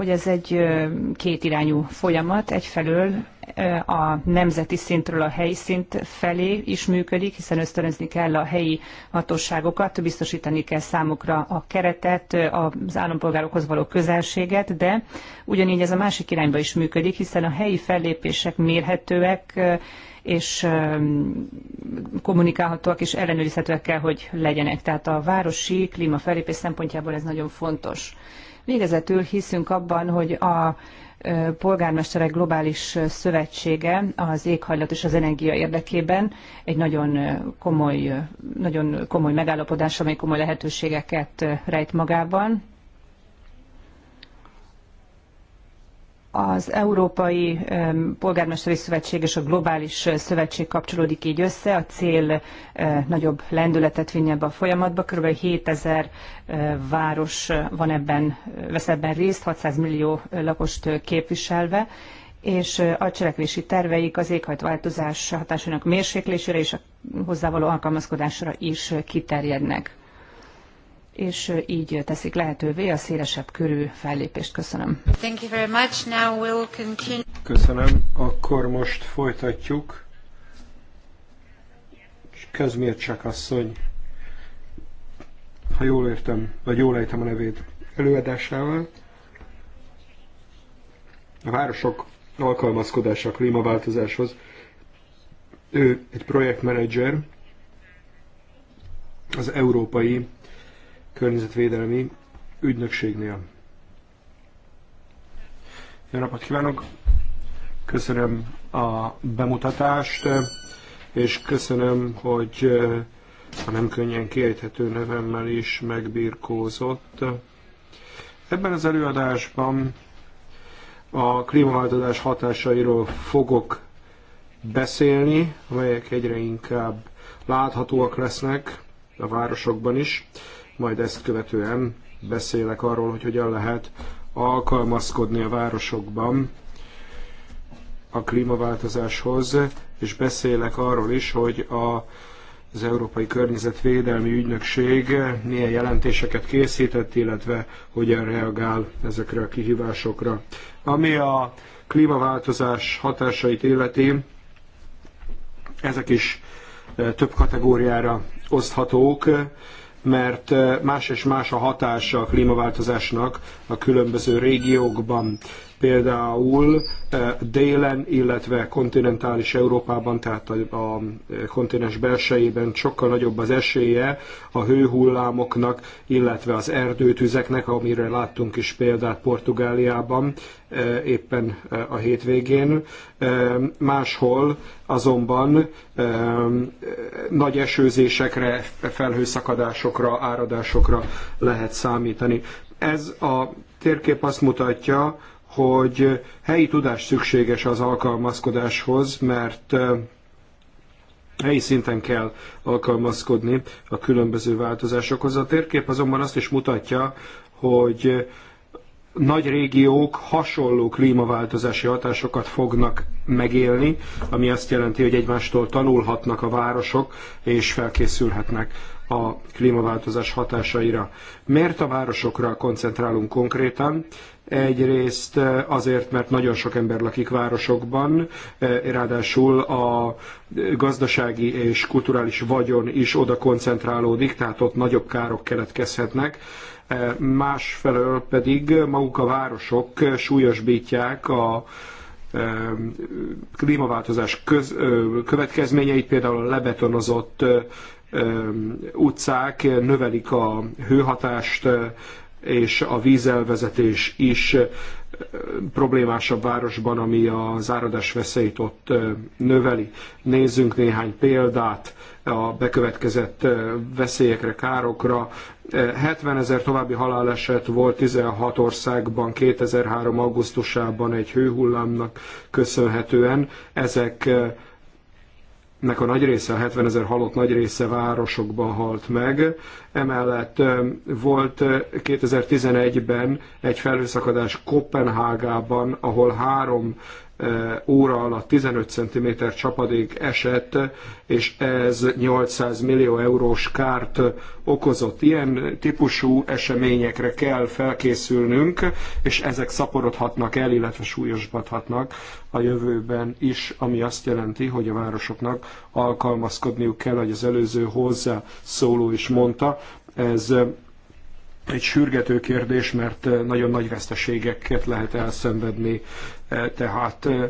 hogy ez egy kétirányú folyamat. Egyfelől a nemzeti szintről a helyi szint felé is működik, hiszen ösztönözni kell a helyi hatóságokat, biztosítani kell számukra a keretet, az állampolgárokhoz való közelséget, de ugyanígy ez a másik irányba is működik, hiszen a helyi fellépések mérhetőek, és kommunikálhatóak és ellenőrizhetőek kell, hogy legyenek. Tehát a városi felépés szempontjából ez nagyon fontos. Végezetül hiszünk abban, hogy a polgármesterek globális szövetsége az éghajlat és az energia érdekében egy nagyon komoly, nagyon komoly megállapodás, amely komoly lehetőségeket rejt magában. az Európai Polgármesteri Szövetség és a Globális Szövetség kapcsolódik így össze. A cél nagyobb lendületet vinni ebbe a folyamatba. Körülbelül 7000 város van ebben, vesz ebben részt, 600 millió lakost képviselve és a cselekvési terveik az éghajtváltozás hatásának mérséklésére és a hozzávaló alkalmazkodásra is kiterjednek és így teszik lehetővé a szélesebb körű fellépést. Köszönöm. Thank you very much. Now we'll continue. Köszönöm. Akkor most folytatjuk. Közmér csak asszony, ha jól értem, vagy jól ejtem a nevét, előadásával. A városok alkalmazkodása a klímaváltozáshoz. Ő egy projektmenedzser az Európai környezetvédelmi ügynökségnél. Jó napot kívánok! Köszönöm a bemutatást, és köszönöm, hogy eh, a nem könnyen kiejthető nevemmel is megbirkózott. Ebben az előadásban a klímaváltozás hatásairól fogok beszélni, amelyek egyre inkább láthatóak lesznek a városokban is majd ezt követően beszélek arról, hogy hogyan lehet alkalmazkodni a városokban a klímaváltozáshoz, és beszélek arról is, hogy a, az Európai Környezetvédelmi Ügynökség milyen jelentéseket készített, illetve hogyan reagál ezekre a kihívásokra. Ami a klímaváltozás hatásait illeti, ezek is eh, több kategóriára oszthatók mert eh, más és más a hatása a klímaváltozásnak a különböző régiókban például eh, délen, illetve kontinentális Európában, tehát a, a eh, kontinens belsejében sokkal nagyobb az esélye a hőhullámoknak, illetve az erdőtüzeknek, amire láttunk is példát Portugáliában eh, éppen a hétvégén. Máshol azonban nagy esőzésekre, felhőszakadásokra, áradásokra lehet számítani. Ez a térkép azt mutatja, hogy helyi tudás szükséges az alkalmazkodáshoz, mert helyi szinten kell alkalmazkodni a különböző változásokhoz. A térkép azonban azt is mutatja, hogy nagy régiók hasonló klímaváltozási hatásokat fognak megélni, ami azt jelenti, hogy egymástól tanulhatnak a városok, és felkészülhetnek a klímaváltozás hatásaira. Miért a városokra koncentrálunk konkrétan? Egyrészt eh, azért, mert nagyon sok ember lakik városokban, eh, ráadásul a gazdasági és kulturális vagyon is oda koncentrálódik, tehát ott nagyobb károk keletkezhetnek eh, másfelől pedig maguk a városok súlyosbítják a klímaváltozás következményeit, például a lebetonozott utcák növelik a hőhatást, és a vízelvezetés is problémásabb városban, ami az áradás veszélyt ott növeli. Nézzünk néhány példát a bekövetkezett veszélyekre, károkra. 70 ezer további haláleset volt 16 országban 2003. augusztusában egy hőhullámnak köszönhetően. Ezek nek a nagy része, a 70 ezer halott nagy része városokban halt meg. Emellett volt 2011-ben egy felhőszakadás Kopenhágában, ahol három óra alatt 15 cm csapadék esett, és ez 800 millió eurós kárt okozott. Ilyen típusú eseményekre kell felkészülnünk, és ezek szaporodhatnak el, illetve súlyosbadhatnak a jövőben is, ami azt jelenti, hogy a városoknak alkalmazkodniuk kell, hogy az előző hozzá szóló is mondta, ez egy sürgető kérdés, mert eh, nagyon nagy veszteségeket lehet elszenvedni, eh, tehát eh,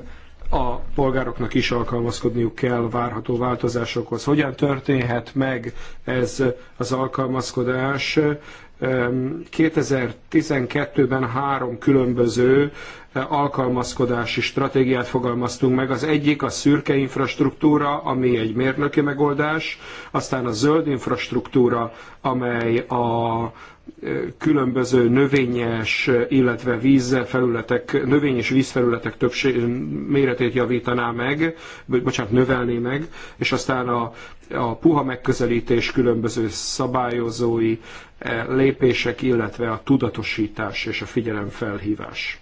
a polgároknak is alkalmazkodniuk kell várható változásokhoz. Hogyan történhet meg ez az alkalmazkodás? 2012-ben ehm, három különböző alkalmazkodási stratégiát fogalmaztunk meg. Az egyik a szürke infrastruktúra, ami egy mérnöki megoldás, aztán a zöld infrastruktúra, amely a különböző növényes, illetve vízfelületek, növény és vízfelületek többség méretét javítaná meg, vagy bocsánat, növelné meg, és aztán a, a puha megközelítés különböző szabályozói eh, lépések, illetve a tudatosítás és a figyelemfelhívás.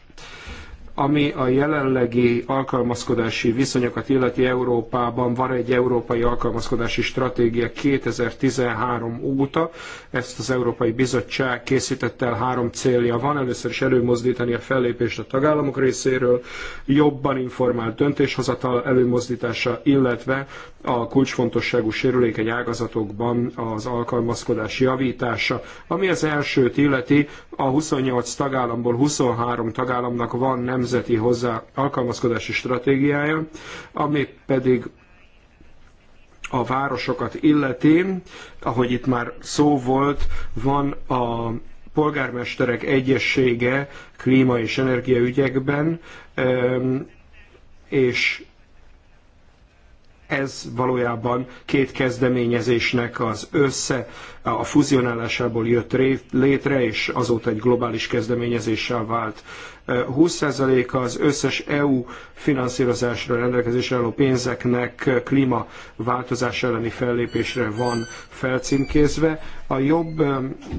Ami a jelenlegi alkalmazkodási viszonyokat illeti Európában, van egy európai alkalmazkodási stratégia 2013 óta. Ezt az Európai Bizottság készített el, három célja van. Először is előmozdítani a fellépést a tagállamok részéről, jobban informált döntéshozatal előmozdítása, illetve a kulcsfontosságú sérülékeny ágazatokban az alkalmazkodás javítása. Ami az elsőt illeti, a 28 tagállamból 23 tagállamnak van nemzeti hozzá alkalmazkodási stratégiája, ami pedig a városokat illeti, ahogy itt már szó volt, van a polgármesterek egyessége klíma és energiaügyekben, ehm, és ez valójában két kezdeményezésnek az össze, a fuzionálásából jött létre, és azóta egy globális kezdeményezéssel vált 20 az összes EU finanszírozásra rendelkezésre álló pénzeknek klímaváltozás elleni fellépésre van felcímkézve. A jobb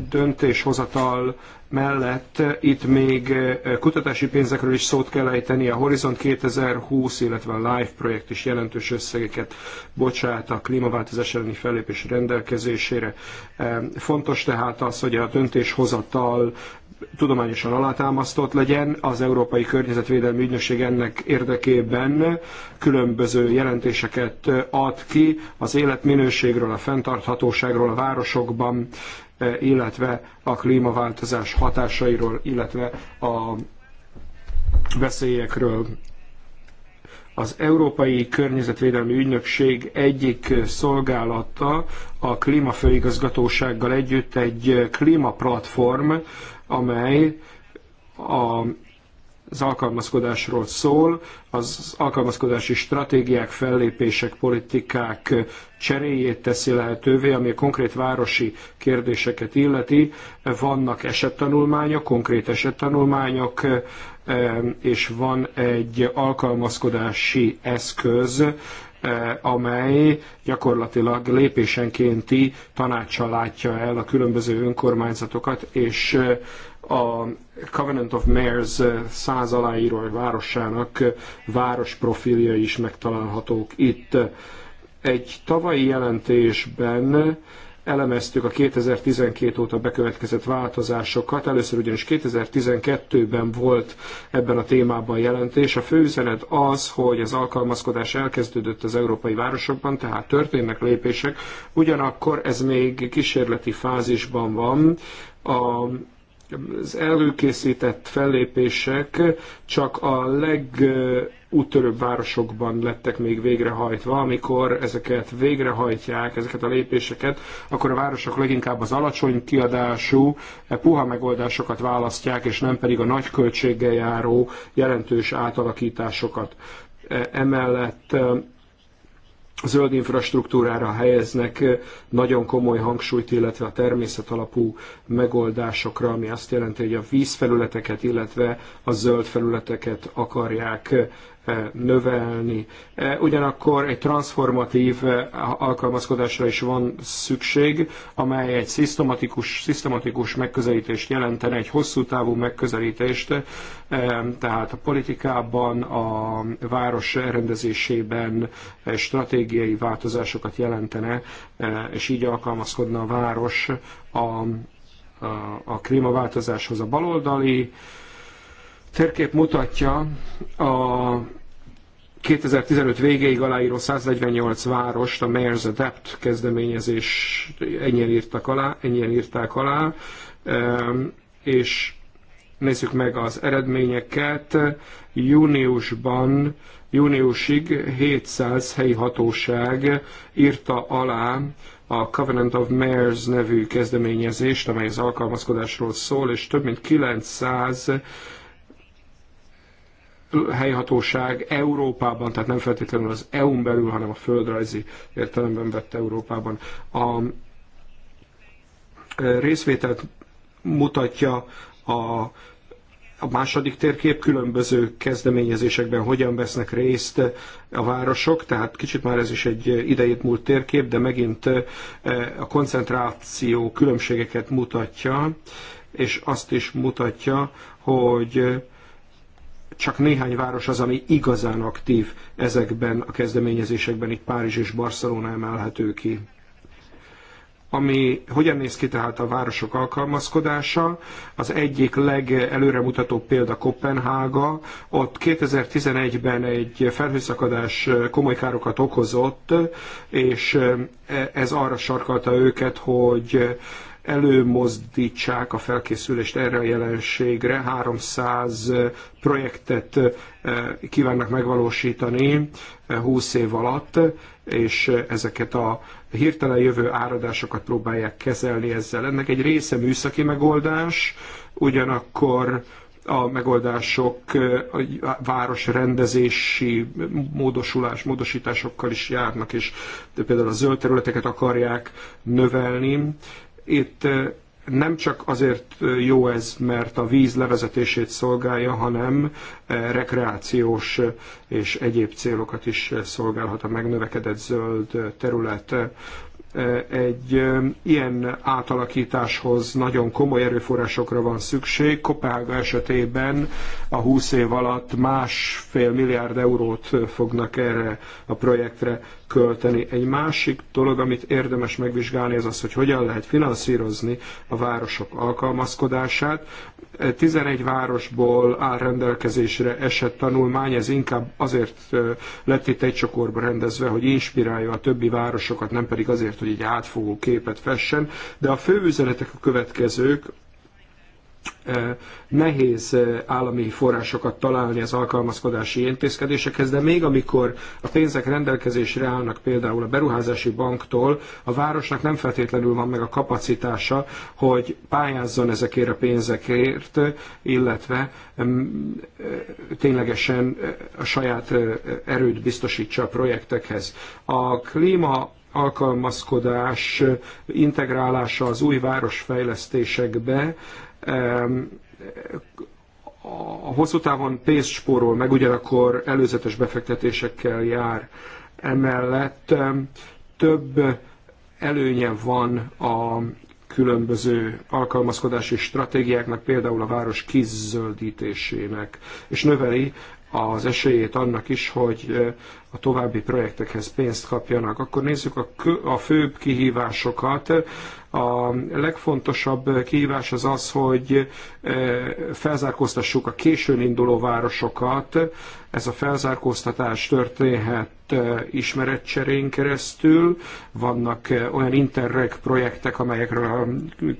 döntéshozatal mellett itt még kutatási pénzekről is szót kell ejteni, a Horizon 2020, illetve a LIFE projekt is jelentős összegeket bocsát a klímaváltozás elleni fellépés rendelkezésére. Fontos tehát az, hogy a döntéshozatal tudományosan alátámasztott legyen. Az Európai Környezetvédelmi Ügynökség ennek érdekében különböző jelentéseket ad ki az életminőségről, a fenntarthatóságról a városokban, e, illetve a klímaváltozás hatásairól, illetve a veszélyekről. Az Európai Környezetvédelmi Ügynökség egyik szolgálata a klímafőigazgatósággal együtt egy klímaplatform, amely a az alkalmazkodásról szól, az alkalmazkodási stratégiák, fellépések, politikák cseréjét teszi lehetővé, ami a konkrét városi kérdéseket illeti. Vannak esettanulmányok, konkrét esettanulmányok, és van egy alkalmazkodási eszköz, E, amely gyakorlatilag lépésenkénti tanácssal látja el a különböző önkormányzatokat, és e, a Covenant of Mayors e, száz aláíró városának városprofilja is megtalálhatók itt. Egy tavalyi jelentésben elemeztük a 2012 óta bekövetkezett változásokat. Először ugyanis 2012-ben volt ebben a témában jelentés. A főüzenet az, hogy az alkalmazkodás elkezdődött az európai városokban, tehát történnek lépések, ugyanakkor ez még kísérleti fázisban van. A az előkészített fellépések csak a leg úttörőbb városokban lettek még végrehajtva. Amikor ezeket végrehajtják, ezeket a lépéseket, akkor a városok leginkább az alacsony kiadású, e, puha megoldásokat választják, és nem pedig a nagy költséggel járó jelentős átalakításokat. E, emellett e, zöld infrastruktúrára helyeznek nagyon komoly hangsúlyt, illetve a természet alapú megoldásokra, ami azt jelenti, hogy a vízfelületeket, illetve a zöld felületeket akarják E, növelni. E, ugyanakkor egy transformatív e, alkalmazkodásra is van szükség, amely egy szisztematikus, szisztematikus megközelítést jelentene, egy hosszú távú megközelítést, tehát a politikában, a város rendezésében stratégiai változásokat jelentene, és így alkalmazkodna a város a, a, a klímaváltozáshoz. A baloldali térkép mutatja a 2015 végéig aláíró 148 várost a Mayor's Adapt kezdeményezés ennyien, írtak alá, ennyien írták alá, ehm, és nézzük meg az eredményeket. Júniusban, júniusig 700 helyi hatóság írta alá a Covenant of Mayors nevű kezdeményezést, amely az alkalmazkodásról szól, és több mint 900 helyhatóság Európában, tehát nem feltétlenül az EU-n belül, hanem a földrajzi értelemben vett Európában. A e, részvételt mutatja a a második térkép különböző kezdeményezésekben hogyan vesznek részt a városok, tehát kicsit már ez is egy idejét múlt térkép, de megint e, a koncentráció különbségeket mutatja, és azt is mutatja, hogy csak néhány város az, ami igazán aktív ezekben a kezdeményezésekben, itt Párizs és Barcelona emelhető ki ami hogyan néz ki tehát a városok alkalmazkodása. Az egyik legelőremutatóbb példa Kopenhága. Ott 2011-ben egy felhőszakadás komoly károkat okozott, és e, ez arra sarkalta őket, hogy előmozdítsák a felkészülést erre a jelenségre. 300 projektet eh, kívánnak megvalósítani 20 eh, év alatt, és ezeket a hirtelen jövő áradásokat próbálják kezelni ezzel. Ennek egy része műszaki megoldás, ugyanakkor a megoldások eh, a városrendezési módosulás, módosításokkal is járnak, és például a zöld területeket akarják növelni, itt nem csak azért jó ez, mert a víz levezetését szolgálja, hanem rekreációs és egyéb célokat is szolgálhat a megnövekedett zöld terület. Egy ilyen átalakításhoz nagyon komoly erőforrásokra van szükség. Kopenhága esetében a 20 év alatt másfél milliárd eurót fognak erre a projektre költeni. Egy másik dolog, amit érdemes megvizsgálni, az az, hogy hogyan lehet finanszírozni a városok alkalmazkodását. 11 városból áll rendelkezésre esett tanulmány, ez inkább azért lett itt egy csokorba rendezve, hogy inspirálja a többi városokat, nem pedig azért, hogy egy átfogó képet fessen, de a fő üzenetek a következők, nehéz állami forrásokat találni az alkalmazkodási intézkedésekhez, de még amikor a pénzek rendelkezésre állnak például a beruházási banktól, a városnak nem feltétlenül van meg a kapacitása, hogy pályázzon ezekért a pénzekért, illetve ténylegesen a saját erőt biztosítsa a projektekhez. A klíma alkalmazkodás integrálása az új városfejlesztésekbe a hosszú távon pénzt spórol meg, ugyanakkor előzetes befektetésekkel jár. Emellett több előnye van a különböző alkalmazkodási stratégiáknak, például a város kizöldítésének, és növeli az esélyét annak is, hogy a további projektekhez pénzt kapjanak. Akkor nézzük a, a főbb kihívásokat. A legfontosabb kihívás az az, hogy felzárkóztassuk a későn induló városokat ez a felzárkóztatás történhet ismeretcserén keresztül, vannak olyan interreg projektek, amelyekről a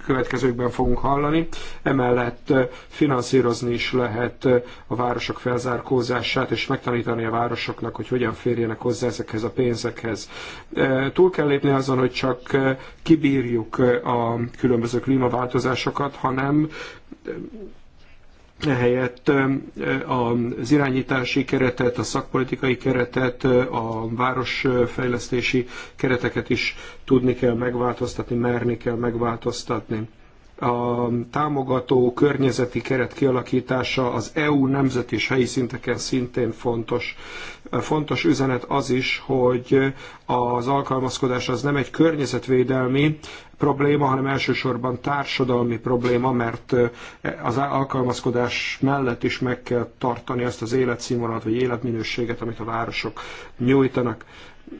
következőkben fogunk hallani, emellett finanszírozni is lehet a városok felzárkózását, és megtanítani a városoknak, hogy hogyan férjenek hozzá ezekhez a pénzekhez. Túl kell lépni azon, hogy csak kibírjuk a különböző klímaváltozásokat, hanem ehelyett az irányítási keretet, a szakpolitikai keretet, a városfejlesztési kereteket is tudni kell megváltoztatni, merni kell megváltoztatni a támogató környezeti keret kialakítása az EU nemzeti és helyi szinteken szintén fontos. Fontos üzenet az is, hogy az alkalmazkodás az nem egy környezetvédelmi probléma, hanem elsősorban társadalmi probléma, mert az alkalmazkodás mellett is meg kell tartani azt az életszínvonalat vagy életminőséget, amit a városok nyújtanak.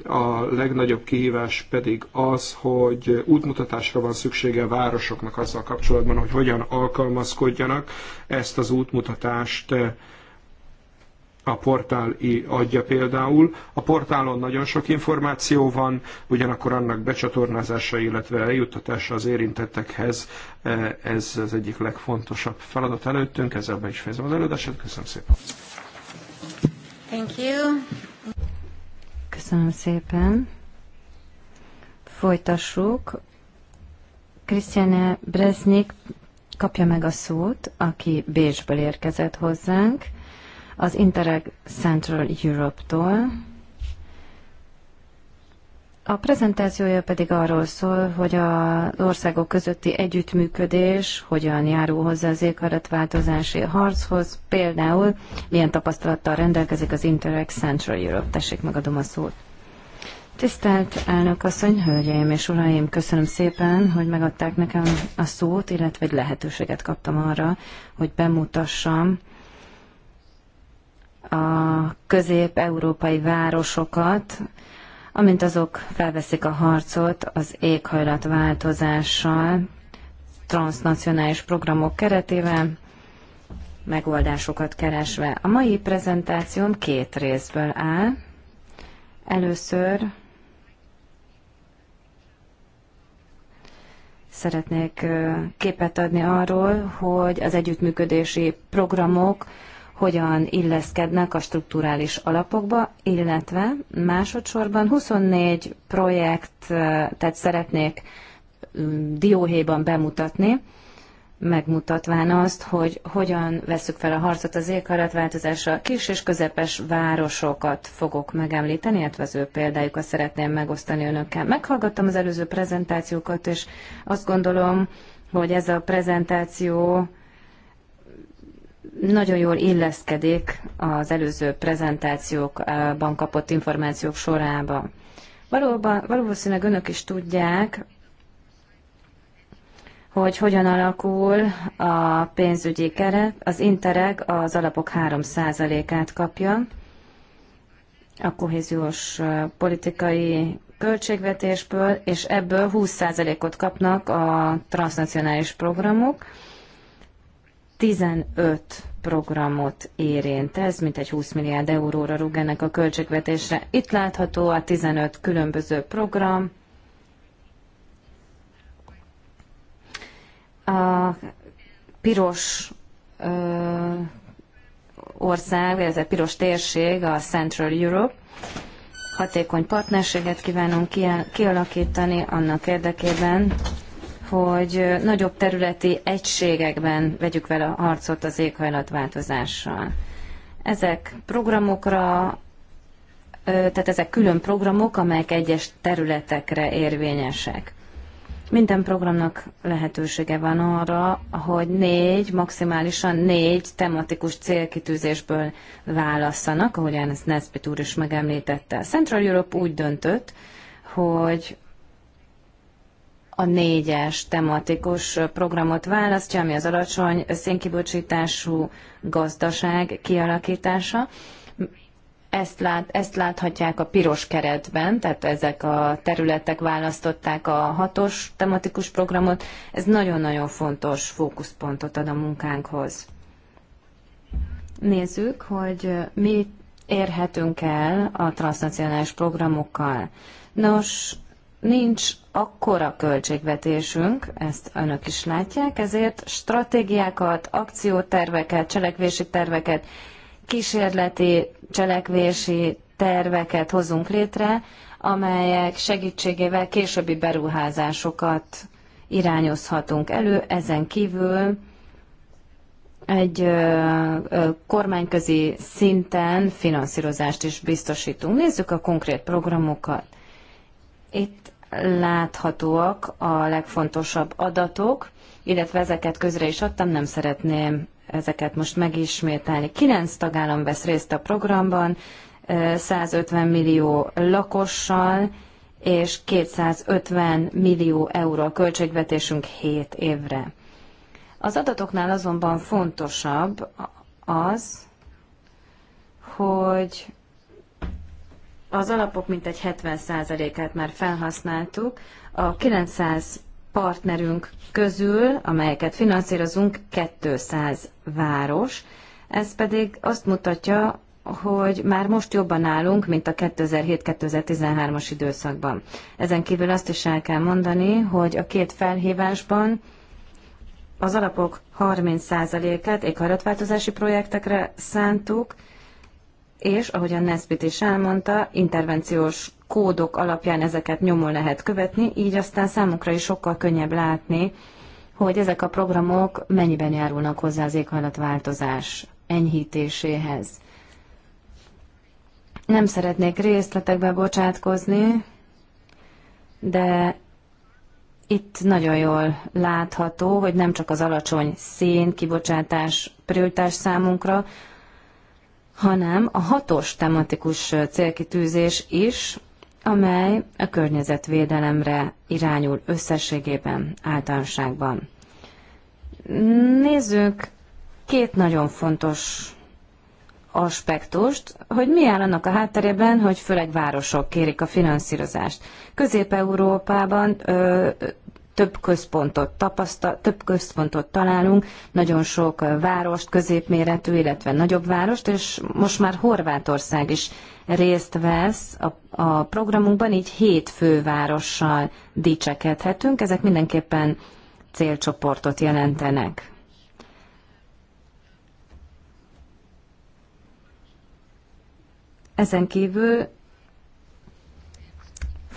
A legnagyobb kihívás pedig az, hogy útmutatásra van szüksége a városoknak azzal kapcsolatban, hogy hogyan alkalmazkodjanak. Ezt az útmutatást eh, a portál adja például. A portálon nagyon sok információ van, ugyanakkor annak becsatornázása, illetve eljuttatása az érintettekhez, eh, ez az egyik legfontosabb feladat előttünk, ezzel be is fejezem az előadását. Köszönöm szépen! Thank you. Köszönöm szépen. Folytassuk. Krisztiáne Breznik kapja meg a szót, aki Bécsből érkezett hozzánk, az Interreg Central Europe-tól. A prezentációja pedig arról szól, hogy az országok közötti együttműködés hogyan járul hozzá az éghajlatváltozási harchoz, például milyen tapasztalattal rendelkezik az Interreg Central Europe. Tessék, megadom a szót. Tisztelt elnök asszony, hölgyeim és uraim, köszönöm szépen, hogy megadták nekem a szót, illetve egy lehetőséget kaptam arra, hogy bemutassam a közép-európai városokat, amint azok felveszik a harcot az éghajlatváltozással, transnacionális programok keretében, megoldásokat keresve. A mai prezentációm két részből áll. Először szeretnék képet adni arról, hogy az együttműködési programok hogyan illeszkednek a strukturális alapokba, illetve másodszorban 24 projektet szeretnék mm, dióhéjban bemutatni, megmutatván azt, hogy hogyan veszük fel a harcot az éghajlatváltozásra. Kis és közepes városokat fogok megemlíteni, illetve az ő példájukat szeretném megosztani önökkel. Meghallgattam az előző prezentációkat, és azt gondolom, hogy ez a prezentáció nagyon jól illeszkedik az előző prezentációkban kapott információk sorába. Valóban, valószínűleg önök is tudják, hogy hogyan alakul a pénzügyi keret. Az Intereg az alapok 3%-át kapja a kohéziós politikai költségvetésből, és ebből 20%-ot kapnak a transnacionális programok 15 programot érint ez, mint egy 20 milliárd euróra rúg ennek a költségvetésre. Itt látható a 15 különböző program. A piros ö, ország, a piros térség a Central Europe. Hatékony partnerséget kívánunk kialakítani annak érdekében, hogy nagyobb területi egységekben vegyük vele a harcot az éghajlatváltozással. Ezek programokra, tehát ezek külön programok, amelyek egyes területekre érvényesek. Minden programnak lehetősége van arra, hogy négy, maximálisan négy tematikus célkitűzésből válasszanak, ahogyan ezt Nesbit úr is megemlítette. Central Europe úgy döntött, hogy a négyes tematikus programot választja, ami az alacsony szénkibocsítású gazdaság kialakítása. Ezt, lát, ezt láthatják a piros keretben, tehát ezek a területek választották a hatos tematikus programot. Ez nagyon-nagyon fontos fókuszpontot ad a munkánkhoz. Nézzük, hogy mi érhetünk el a transnacionális programokkal. Nos, nincs akkora költségvetésünk, ezt önök is látják, ezért stratégiákat, akcióterveket, cselekvési terveket, kísérleti cselekvési terveket hozunk létre, amelyek segítségével későbbi beruházásokat irányozhatunk elő. Ezen kívül egy kormányközi szinten finanszírozást is biztosítunk. Nézzük a konkrét programokat. Itt láthatóak a legfontosabb adatok, illetve ezeket közre is adtam, nem szeretném ezeket most megismételni. Kilenc tagállam vesz részt a programban, 150 millió lakossal, és 250 millió euró a költségvetésünk 7 évre. Az adatoknál azonban fontosabb az, hogy az alapok mintegy 70%-át már felhasználtuk. A 900 partnerünk közül, amelyeket finanszírozunk, 200 város. Ez pedig azt mutatja, hogy már most jobban állunk, mint a 2007-2013-as időszakban. Ezen kívül azt is el kell mondani, hogy a két felhívásban az alapok 30%-át éghajlatváltozási projektekre szántuk, és a Nesbit is elmondta, intervenciós kódok alapján ezeket nyomul lehet követni, így aztán számukra is sokkal könnyebb látni, hogy ezek a programok mennyiben járulnak hozzá az éghajlatváltozás enyhítéséhez. Nem szeretnék részletekbe bocsátkozni, de itt nagyon jól látható, hogy nem csak az alacsony szén kibocsátás prioritás számunkra, hanem a hatos tematikus célkitűzés is, amely a környezetvédelemre irányul összességében, általánosságban. Nézzük két nagyon fontos aspektust, hogy mi áll annak a hátterében, hogy főleg városok kérik a finanszírozást. Közép-Európában több központot tapasztal, több központot találunk, nagyon sok várost, középméretű, illetve nagyobb várost, és most már Horvátország is részt vesz a, a programunkban, így hét fővárossal dicsekedhetünk, ezek mindenképpen célcsoportot jelentenek. Ezen kívül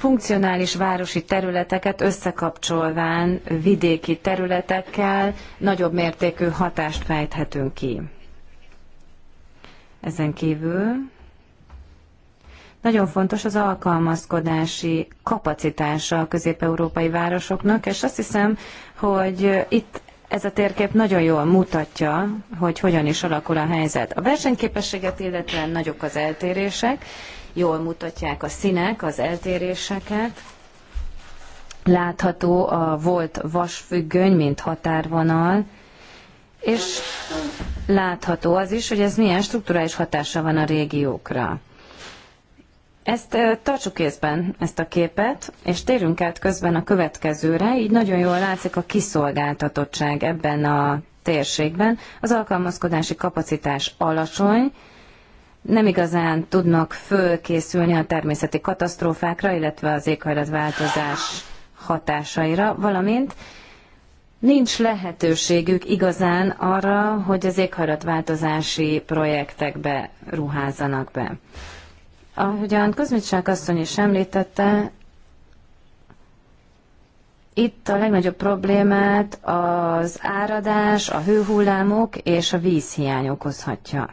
funkcionális városi területeket összekapcsolván vidéki területekkel nagyobb mértékű hatást fejthetünk ki. Ezen kívül nagyon fontos az alkalmazkodási kapacitása a közép-európai városoknak, és azt hiszem, hogy itt ez a térkép nagyon jól mutatja, hogy hogyan is alakul a helyzet. A versenyképességet illetően nagyok az eltérések, jól mutatják a színek, az eltéréseket. Látható a volt vasfüggöny, mint határvonal, és látható az is, hogy ez milyen strukturális hatása van a régiókra. Ezt tartsuk észben, ezt a képet, és térünk át közben a következőre, így nagyon jól látszik a kiszolgáltatottság ebben a térségben. Az alkalmazkodási kapacitás alacsony, nem igazán tudnak fölkészülni a természeti katasztrófákra, illetve az éghajlatváltozás hatásaira, valamint nincs lehetőségük igazán arra, hogy az éghajlatváltozási projektekbe ruházzanak be. Ahogyan Kozmicsák asszony is említette, itt a legnagyobb problémát az áradás, a hőhullámok és a vízhiány okozhatja.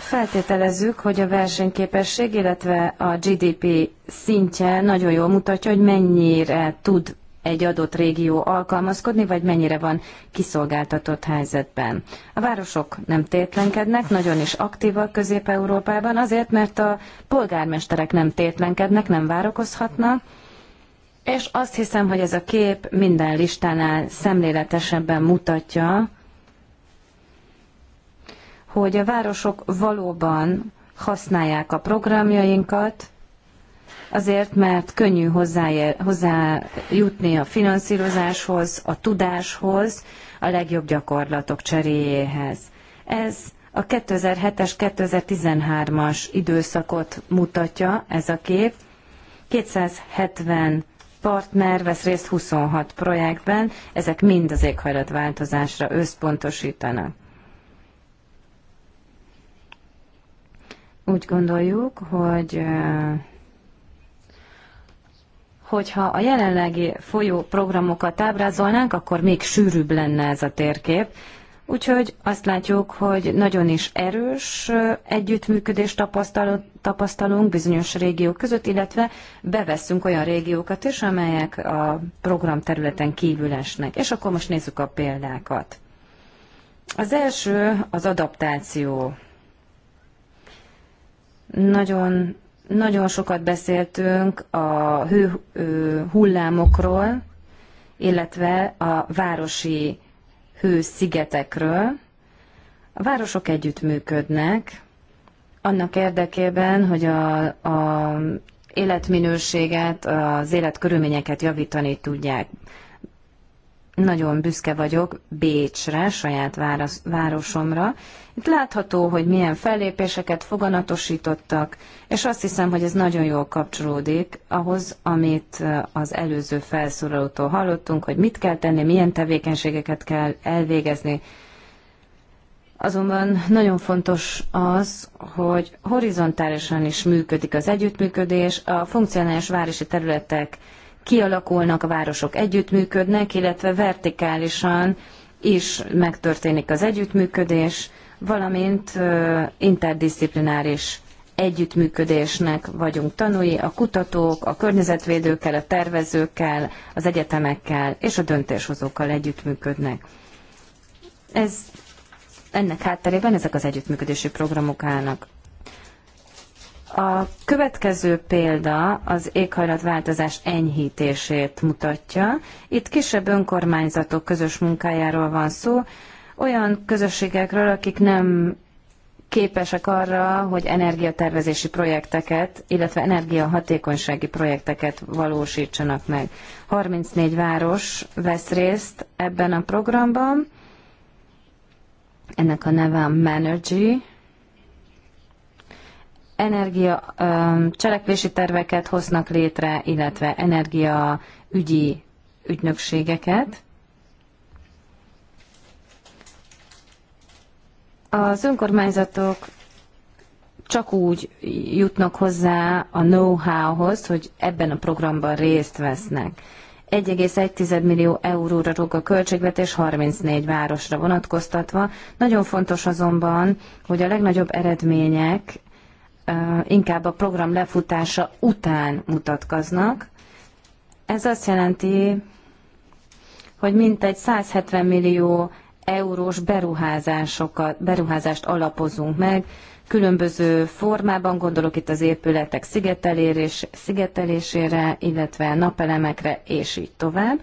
feltételezzük, hogy a versenyképesség, illetve a GDP szintje nagyon jól mutatja, hogy mennyire tud egy adott régió alkalmazkodni, vagy mennyire van kiszolgáltatott helyzetben. A városok nem tétlenkednek, nagyon is aktívak Közép-Európában, azért, mert a polgármesterek nem tétlenkednek, nem várokozhatnak, és azt hiszem, hogy ez a kép minden listánál szemléletesebben mutatja, hogy a városok valóban használják a programjainkat, azért, mert könnyű hozzájutni hozzá a finanszírozáshoz, a tudáshoz, a legjobb gyakorlatok cseréjéhez. Ez a 2007-es, 2013-as időszakot mutatja ez a kép. 270 partner vesz részt 26 projektben, ezek mind az éghajlatváltozásra összpontosítanak. Úgy gondoljuk, hogy hogyha a jelenlegi folyó programokat ábrázolnánk, akkor még sűrűbb lenne ez a térkép. Úgyhogy azt látjuk, hogy nagyon is erős együttműködést tapasztalunk bizonyos régiók között, illetve beveszünk olyan régiókat is, amelyek a program kívül esnek. És akkor most nézzük a példákat. Az első az adaptáció nagyon, nagyon sokat beszéltünk a hő, hullámokról, illetve a városi hőszigetekről. A városok együttműködnek annak érdekében, hogy a, a életminőséget, az életkörülményeket javítani tudják nagyon büszke vagyok Bécsre, saját város, városomra. Itt látható, hogy milyen fellépéseket foganatosítottak, és azt hiszem, hogy ez nagyon jól kapcsolódik ahhoz, amit az előző felszólalótól hallottunk, hogy mit kell tenni, milyen tevékenységeket kell elvégezni. Azonban nagyon fontos az, hogy horizontálisan is működik az együttműködés, a funkcionális városi területek kialakulnak, a városok együttműködnek, illetve vertikálisan is megtörténik az együttműködés, valamint interdisziplináris együttműködésnek vagyunk tanúi, a kutatók, a környezetvédőkkel, a tervezőkkel, az egyetemekkel és a döntéshozókkal együttműködnek. Ez, ennek hátterében ezek az együttműködési programok állnak. A következő példa az éghajlatváltozás enyhítését mutatja. Itt kisebb önkormányzatok közös munkájáról van szó, olyan közösségekről, akik nem képesek arra, hogy energiatervezési projekteket, illetve energiahatékonysági projekteket valósítsanak meg. 34 város vesz részt ebben a programban. Ennek a neve a Manergy, energia cselekvési terveket hoznak létre, illetve energia ügyi ügynökségeket. Az önkormányzatok csak úgy jutnak hozzá a know-howhoz, hogy ebben a programban részt vesznek. 1,1 millió euróra rúg a költségvetés 34 városra vonatkoztatva. Nagyon fontos azonban, hogy a legnagyobb eredmények inkább a program lefutása után mutatkoznak. Ez azt jelenti, hogy mintegy 170 millió eurós beruházásokat, beruházást alapozunk meg, különböző formában, gondolok itt az épületek szigetelérés, szigetelésére, illetve napelemekre, és így tovább.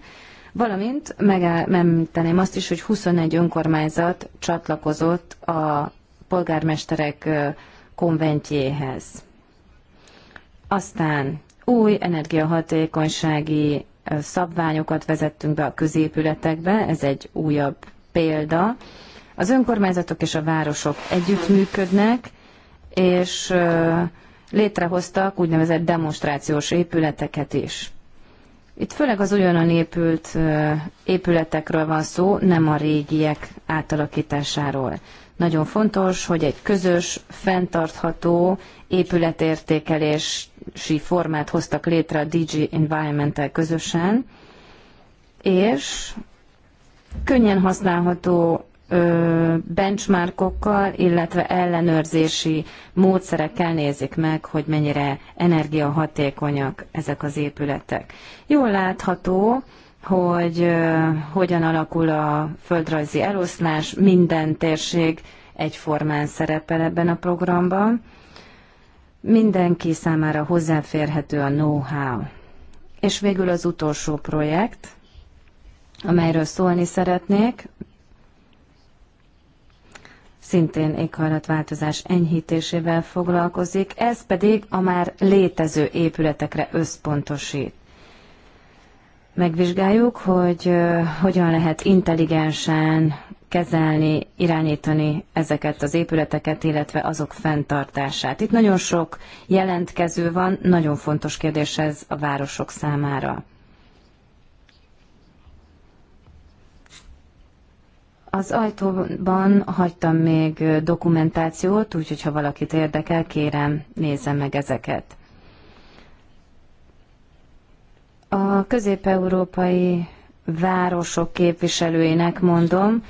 Valamint megemlíteném azt is, hogy 21 önkormányzat csatlakozott a polgármesterek konventjéhez. Aztán új energiahatékonysági szabványokat vezettünk be a középületekbe, ez egy újabb példa. Az önkormányzatok és a városok együttműködnek, és létrehoztak úgynevezett demonstrációs épületeket is. Itt főleg az olyan épült épületekről van szó, nem a régiek átalakításáról. Nagyon fontos, hogy egy közös, fenntartható épületértékelési formát hoztak létre a DG Environmental közösen, és könnyen használható benchmarkokkal, illetve ellenőrzési módszerekkel nézik meg, hogy mennyire energiahatékonyak ezek az épületek. Jól látható, hogy uh, hogyan alakul a földrajzi eloszlás, minden térség egyformán szerepel ebben a programban. Mindenki számára hozzáférhető a know-how. És végül az utolsó projekt, amelyről szólni szeretnék, szintén éghajlatváltozás enyhítésével foglalkozik, ez pedig a már létező épületekre összpontosít megvizsgáljuk, hogy hogyan lehet intelligensen kezelni, irányítani ezeket az épületeket, illetve azok fenntartását. Itt nagyon sok jelentkező van, nagyon fontos kérdés ez a városok számára. Az ajtóban hagytam még dokumentációt, úgyhogy ha valakit érdekel, kérem, nézze meg ezeket. A közép-európai városok képviselőinek mondom,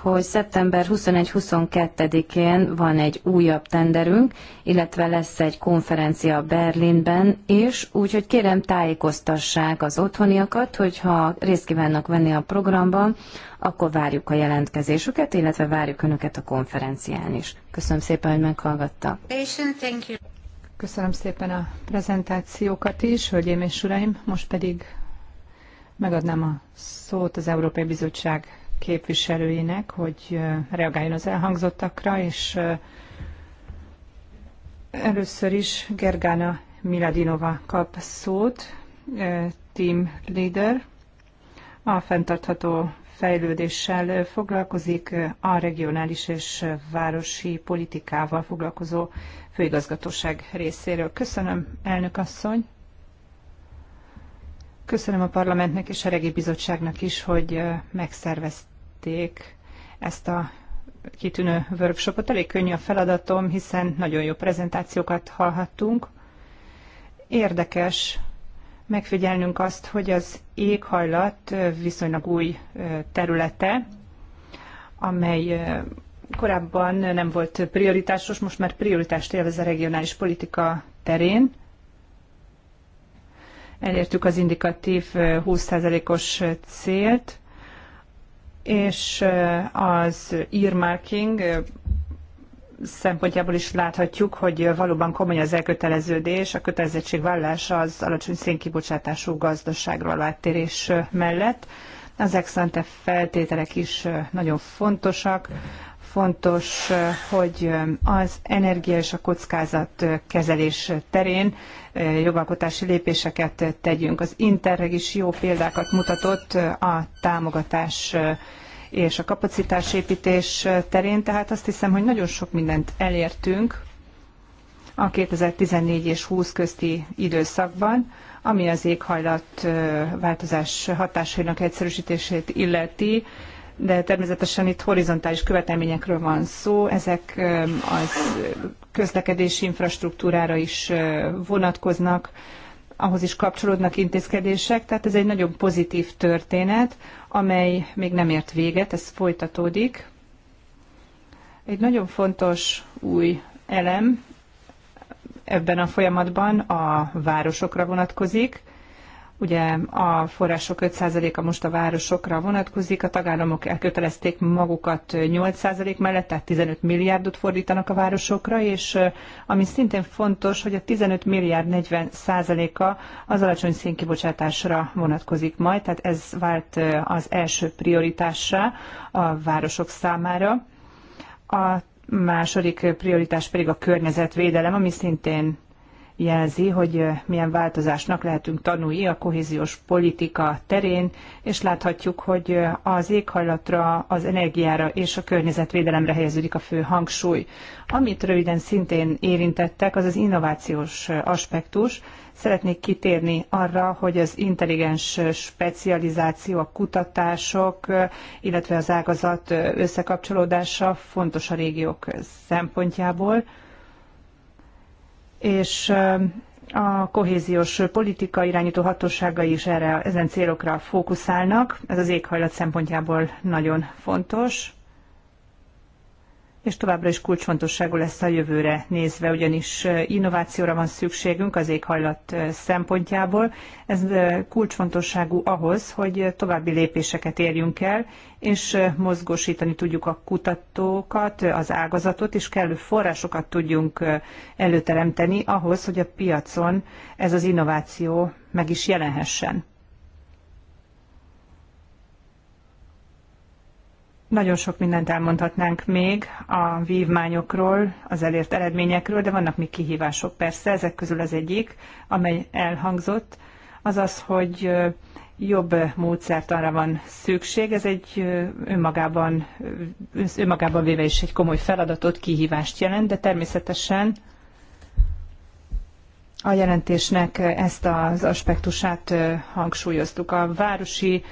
hogy szeptember 21-22-én van egy újabb tenderünk, illetve lesz egy konferencia Berlinben is, úgyhogy kérem tájékoztassák az otthoniakat, hogyha részt kívánnak venni a programban, akkor várjuk a jelentkezésüket, illetve várjuk Önöket a konferencián is. Köszönöm szépen, hogy meghallgatta. Köszönöm szépen a prezentációkat is, hölgyeim és uraim. Most pedig megadnám a szót az Európai Bizottság képviselőinek, hogy reagáljon az elhangzottakra, és először is Gergána Miladinova kap szót, team leader, a fenntartható fejlődéssel foglalkozik, a regionális és városi politikával foglalkozó főigazgatóság részéről. Köszönöm, elnök asszony! Köszönöm a parlamentnek és a regi bizottságnak is, hogy megszervezték ezt a kitűnő workshopot. Elég könnyű a feladatom, hiszen nagyon jó prezentációkat hallhattunk. Érdekes megfigyelnünk azt, hogy az éghajlat viszonylag új területe, amely korábban nem volt prioritásos, most már prioritást élvez a regionális politika terén. Elértük az indikatív 20%-os célt, és az earmarking szempontjából is láthatjuk, hogy valóban komoly az elköteleződés, a kötelezettségvállalás az alacsony szénkibocsátású gazdaságról áttérés mellett. Az ex feltételek is nagyon fontosak, fontos, hogy az energia és a kockázat kezelés terén jogalkotási lépéseket tegyünk. Az Interreg is jó példákat mutatott a támogatás és a kapacitásépítés terén, tehát azt hiszem, hogy nagyon sok mindent elértünk a 2014 és 20 közti időszakban, ami az éghajlat változás hatásainak egyszerűsítését illeti, de természetesen itt horizontális követelményekről van szó, ezek az közlekedési infrastruktúrára is vonatkoznak, ahhoz is kapcsolódnak intézkedések, tehát ez egy nagyon pozitív történet, amely még nem ért véget, ez folytatódik. Egy nagyon fontos új elem ebben a folyamatban a városokra vonatkozik, Ugye a források 5%-a most a városokra vonatkozik, a tagállamok elkötelezték magukat 8% mellett, tehát 15 milliárdot fordítanak a városokra, és ami szintén fontos, hogy a 15 milliárd 40%-a az alacsony szénkibocsátásra vonatkozik majd, tehát ez vált az első prioritássá a városok számára. A második prioritás pedig a környezetvédelem, ami szintén jelzi, hogy milyen változásnak lehetünk tanulni a kohéziós politika terén, és láthatjuk, hogy az éghajlatra, az energiára és a környezetvédelemre helyeződik a fő hangsúly. Amit röviden szintén érintettek, az az innovációs aspektus. Szeretnék kitérni arra, hogy az intelligens specializáció, a kutatások, illetve az ágazat összekapcsolódása fontos a régiók szempontjából és a kohéziós politika irányító hatóságai is erre, ezen célokra fókuszálnak. Ez az éghajlat szempontjából nagyon fontos és továbbra is kulcsfontosságú lesz a jövőre nézve, ugyanis innovációra van szükségünk az éghajlat szempontjából. Ez kulcsfontosságú ahhoz, hogy további lépéseket érjünk el, és mozgósítani tudjuk a kutatókat, az ágazatot, és kellő forrásokat tudjunk előteremteni ahhoz, hogy a piacon ez az innováció meg is jelenhessen. Nagyon sok mindent elmondhatnánk még a vívmányokról, az elért eredményekről, de vannak még kihívások persze, ezek közül az egyik, amely elhangzott, az az, hogy jobb módszert arra van szükség. Ez egy önmagában, önmagában véve is egy komoly feladatot, kihívást jelent, de természetesen a jelentésnek ezt az aspektusát hangsúlyoztuk. A városi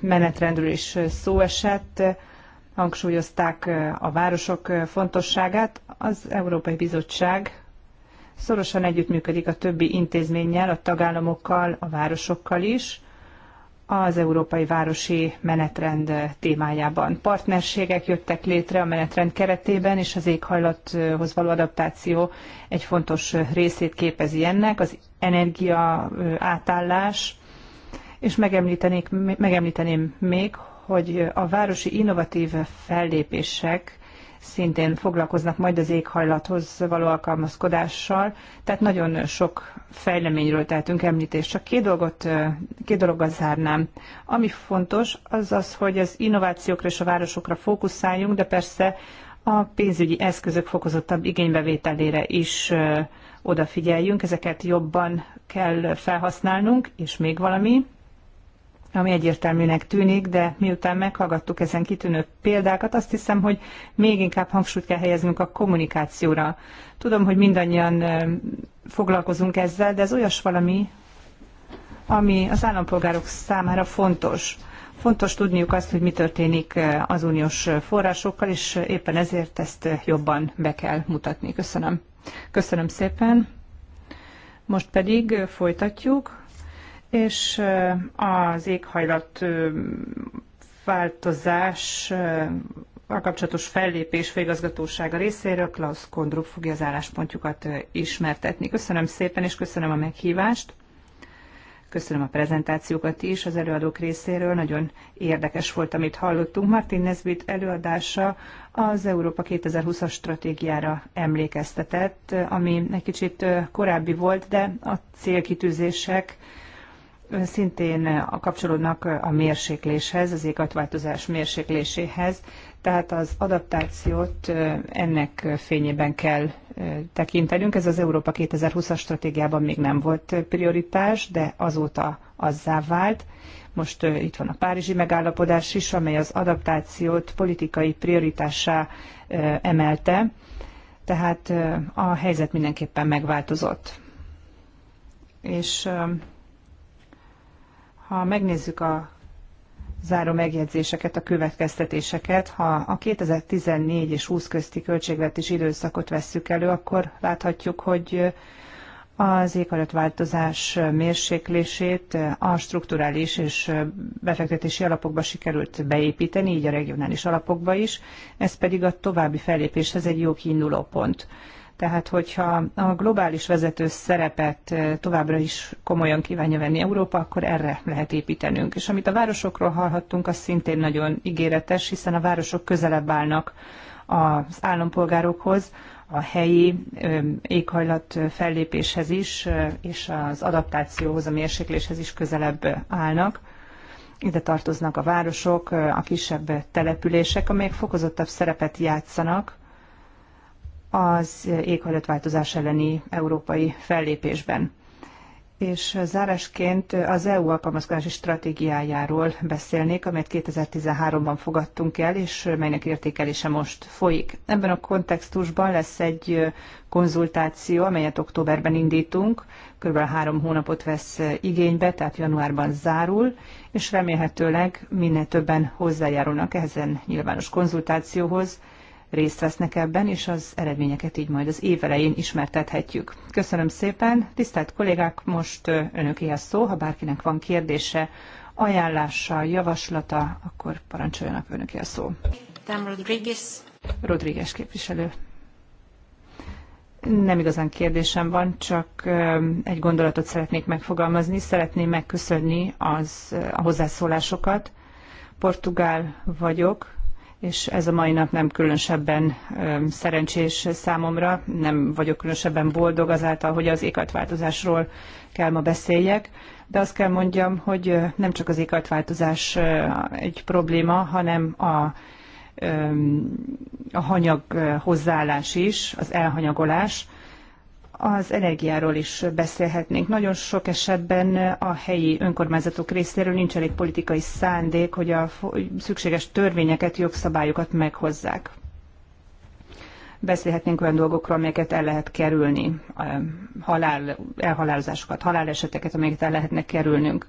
menetrendről is szó esett, hangsúlyozták a városok fontosságát. Az Európai Bizottság szorosan együttműködik a többi intézménnyel, a tagállamokkal, a városokkal is az Európai Városi Menetrend témájában. Partnerségek jöttek létre a menetrend keretében, és az éghajlathoz való adaptáció egy fontos részét képezi ennek. Az energia átállás, és megemlítenék, megemlíteném még, hogy a városi innovatív fellépések szintén foglalkoznak majd az éghajlathoz való alkalmazkodással, tehát nagyon sok fejleményről tehetünk említést. Csak két, dolgot, két dologgal zárnám. Ami fontos, az az, hogy az innovációkra és a városokra fókuszáljunk, de persze a pénzügyi eszközök fokozottabb igénybevételére is odafigyeljünk, ezeket jobban kell felhasználnunk, és még valami, ami egyértelműnek tűnik, de miután meghallgattuk ezen kitűnő példákat, azt hiszem, hogy még inkább hangsúlyt kell helyeznünk a kommunikációra. Tudom, hogy mindannyian foglalkozunk ezzel, de ez olyas valami, ami az állampolgárok számára fontos. Fontos tudniuk azt, hogy mi történik az uniós forrásokkal, és éppen ezért ezt jobban be kell mutatni. Köszönöm. Köszönöm szépen. Most pedig folytatjuk és az éghajlat változás a kapcsolatos fellépés főigazgatósága részéről Klaus Kondrup fogja az álláspontjukat ismertetni. Köszönöm szépen, és köszönöm a meghívást. Köszönöm a prezentációkat is az előadók részéről. Nagyon érdekes volt, amit hallottunk. Martin Nesbitt előadása az Európa 2020-as stratégiára emlékeztetett, ami egy kicsit korábbi volt, de a célkitűzések szintén kapcsolódnak a mérsékléshez, az éghajlatváltozás mérsékléséhez, tehát az adaptációt ennek fényében kell tekintenünk. Ez az Európa 2020-as stratégiában még nem volt prioritás, de azóta azzá vált. Most itt van a Párizsi megállapodás is, amely az adaptációt politikai prioritássá emelte, tehát a helyzet mindenképpen megváltozott. És ha megnézzük a záró megjegyzéseket, a következtetéseket, ha a 2014 és 20 közti költségvetés időszakot vesszük elő, akkor láthatjuk, hogy az éghajlatváltozás mérséklését a strukturális és befektetési alapokba sikerült beépíteni, így a regionális alapokba is, ez pedig a további fellépéshez egy jó kiinduló pont. Tehát, hogyha a globális vezető szerepet eh, továbbra is komolyan kívánja venni Európa, akkor erre lehet építenünk. És amit a városokról hallhattunk, az szintén nagyon ígéretes, hiszen a városok közelebb állnak az állampolgárokhoz, a helyi éghajlat fellépéshez is, eh, és az adaptációhoz, a mérsékléshez is közelebb állnak. Ide tartoznak a városok, eh, a kisebb települések, amelyek fokozottabb szerepet játszanak az éghajlatváltozás elleni európai fellépésben. És zárásként az EU alkalmazkodási stratégiájáról beszélnék, amelyet 2013-ban fogadtunk el, és melynek értékelése most folyik. Ebben a kontextusban lesz egy konzultáció, amelyet októberben indítunk, kb. három hónapot vesz igénybe, tehát januárban zárul, és remélhetőleg minél többen hozzájárulnak a nyilvános konzultációhoz, részt vesznek ebben, és az eredményeket így majd az elején ismertethetjük. Köszönöm szépen, tisztelt kollégák, most önöké a szó, ha bárkinek van kérdése, ajánlása, javaslata, akkor parancsoljanak önöké a szó. Rodriguez. Rodriguez képviselő. Nem igazán kérdésem van, csak egy gondolatot szeretnék megfogalmazni. Szeretném megköszönni az, a hozzászólásokat. Portugál vagyok, és ez a mai nap nem különösebben szerencsés számomra, nem vagyok különösebben boldog azáltal, hogy az éghajlatváltozásról kell ma beszéljek, de azt kell mondjam, hogy nem csak az éghajlatváltozás egy probléma, hanem a a hanyag hozzáállás is, az elhanyagolás, az energiáról is beszélhetnénk. Nagyon sok esetben a helyi önkormányzatok részéről nincs elég politikai szándék, hogy a szükséges törvényeket, jogszabályokat meghozzák. Beszélhetnénk olyan dolgokról, amelyeket el lehet kerülni, um, halál, elhalálozásokat, haláleseteket, amelyeket el lehetne kerülnünk.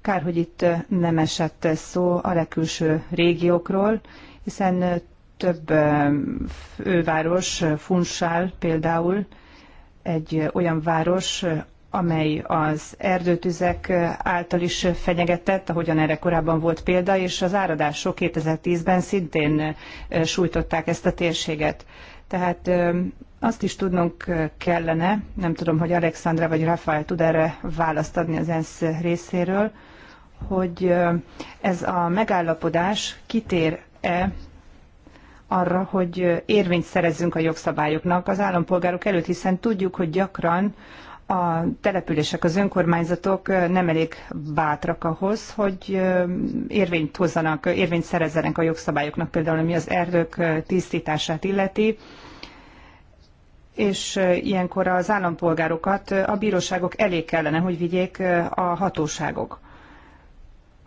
Kár, hogy itt nem esett szó a legkülső régiókról, hiszen több um, főváros, Funsál például, egy olyan város, amely az erdőtüzek által is fenyegetett, ahogyan erre korábban volt példa, és az áradások 2010-ben szintén eh, sújtották ezt a térséget. Tehát eh, azt is tudnunk eh, kellene, nem tudom, hogy Alexandra vagy Rafael tud erre választ adni az ENSZ részéről, hogy ez a megállapodás kitér-e arra, hogy érvényt szerezzünk a jogszabályoknak az állampolgárok előtt, hiszen tudjuk, hogy gyakran a települések, az önkormányzatok nem elég bátrak ahhoz, hogy érvényt hozzanak, érvényt szerezzenek a jogszabályoknak, például ami az erdők tisztítását illeti, és ilyenkor az állampolgárokat a bíróságok elé kellene, hogy vigyék a hatóságok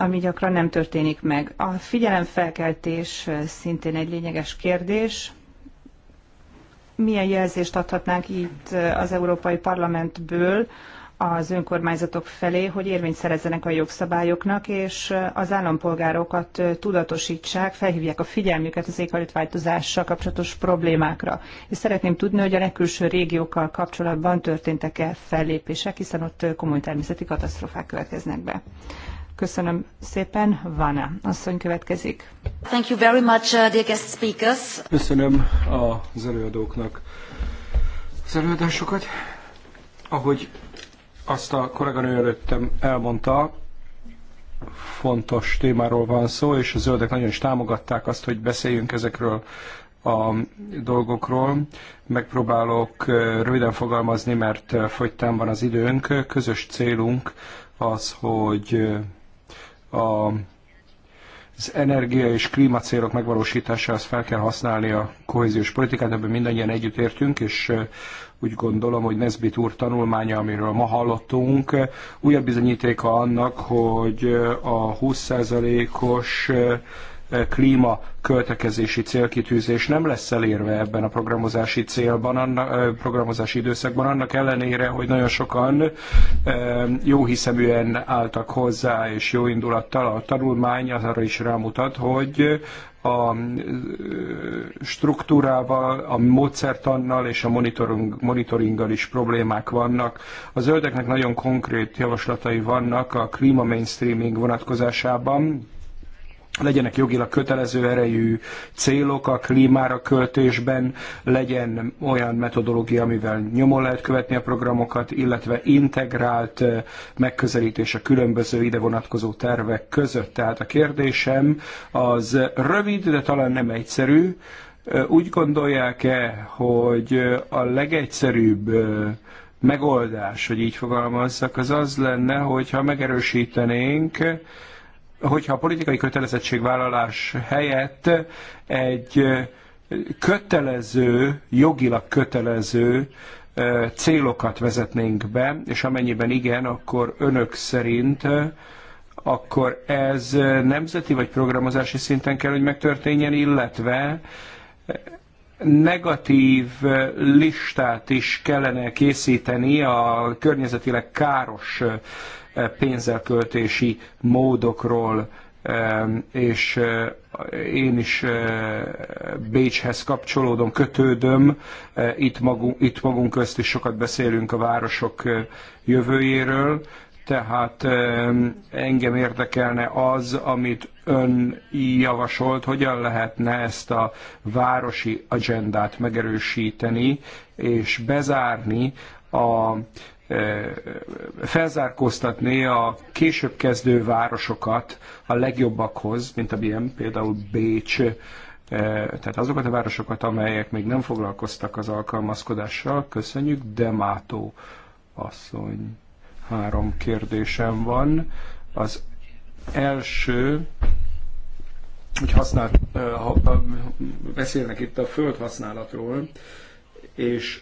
ami gyakran nem történik meg. A figyelemfelkeltés szintén egy lényeges kérdés. Milyen jelzést adhatnánk itt az Európai Parlamentből az önkormányzatok felé, hogy érvényt szerezzenek a jogszabályoknak, és az állampolgárokat tudatosítsák, felhívják a figyelmüket az éghajlatváltozással kapcsolatos problémákra. És szeretném tudni, hogy a legkülső régiókkal kapcsolatban történtek-e fellépések, hiszen ott komoly természeti katasztrofák következnek be. Köszönöm szépen. Vana asszony következik. Thank you very much, uh, dear guest speakers. Köszönöm az előadóknak az előadásokat. Ahogy azt a kolléganő előttem elmondta, fontos témáról van szó, és a zöldek nagyon is támogatták azt, hogy beszéljünk ezekről a dolgokról. Megpróbálok uh, röviden fogalmazni, mert uh, fogytán van az időnk. Közös célunk az, hogy uh, a az energia és klímacélok megvalósításához fel kell használni a kohéziós politikát, ebben mindannyian együttértünk, és úgy gondolom, hogy Nesbit úr tanulmánya, amiről ma hallottunk, újabb bizonyítéka annak, hogy a 20%-os klíma költekezési célkitűzés nem lesz elérve ebben a programozási célban, annak, programozási időszakban, annak ellenére, hogy nagyon sokan jóhiszeműen álltak hozzá, és jó indulattal a tanulmány az arra is rámutat, hogy a struktúrával, a módszertannal és a monitoring, monitoringgal is problémák vannak. A zöldeknek nagyon konkrét javaslatai vannak a klíma mainstreaming vonatkozásában, legyenek jogilag kötelező erejű célok a klímára költésben, legyen olyan metodológia, amivel nyomon lehet követni a programokat, illetve integrált megközelítés a különböző ide vonatkozó tervek között. Tehát a kérdésem az rövid, de talán nem egyszerű. Úgy gondolják-e, hogy a legegyszerűbb megoldás, hogy így fogalmazzak, az az lenne, hogyha megerősítenénk hogyha a politikai kötelezettségvállalás helyett egy kötelező, jogilag kötelező célokat vezetnénk be, és amennyiben igen, akkor önök szerint akkor ez nemzeti vagy programozási szinten kell, hogy megtörténjen, illetve negatív listát is kellene készíteni a környezetileg káros pénzelköltési módokról, és eh, én is eh, Bécshez kapcsolódom, kötődöm. Eh, itt magunk, itt magunk közt is sokat beszélünk a városok jövőjéről, tehát engem érdekelne az, amit ön javasolt, hogyan lehetne ezt a városi agendát megerősíteni és bezárni a felzárkóztatni a később kezdő városokat a legjobbakhoz, mint amilyen például Bécs, tehát azokat a városokat, amelyek még nem foglalkoztak az alkalmazkodással, köszönjük, Demátó asszony. Három kérdésem van. Az első, hogy használ, beszélnek itt a földhasználatról, és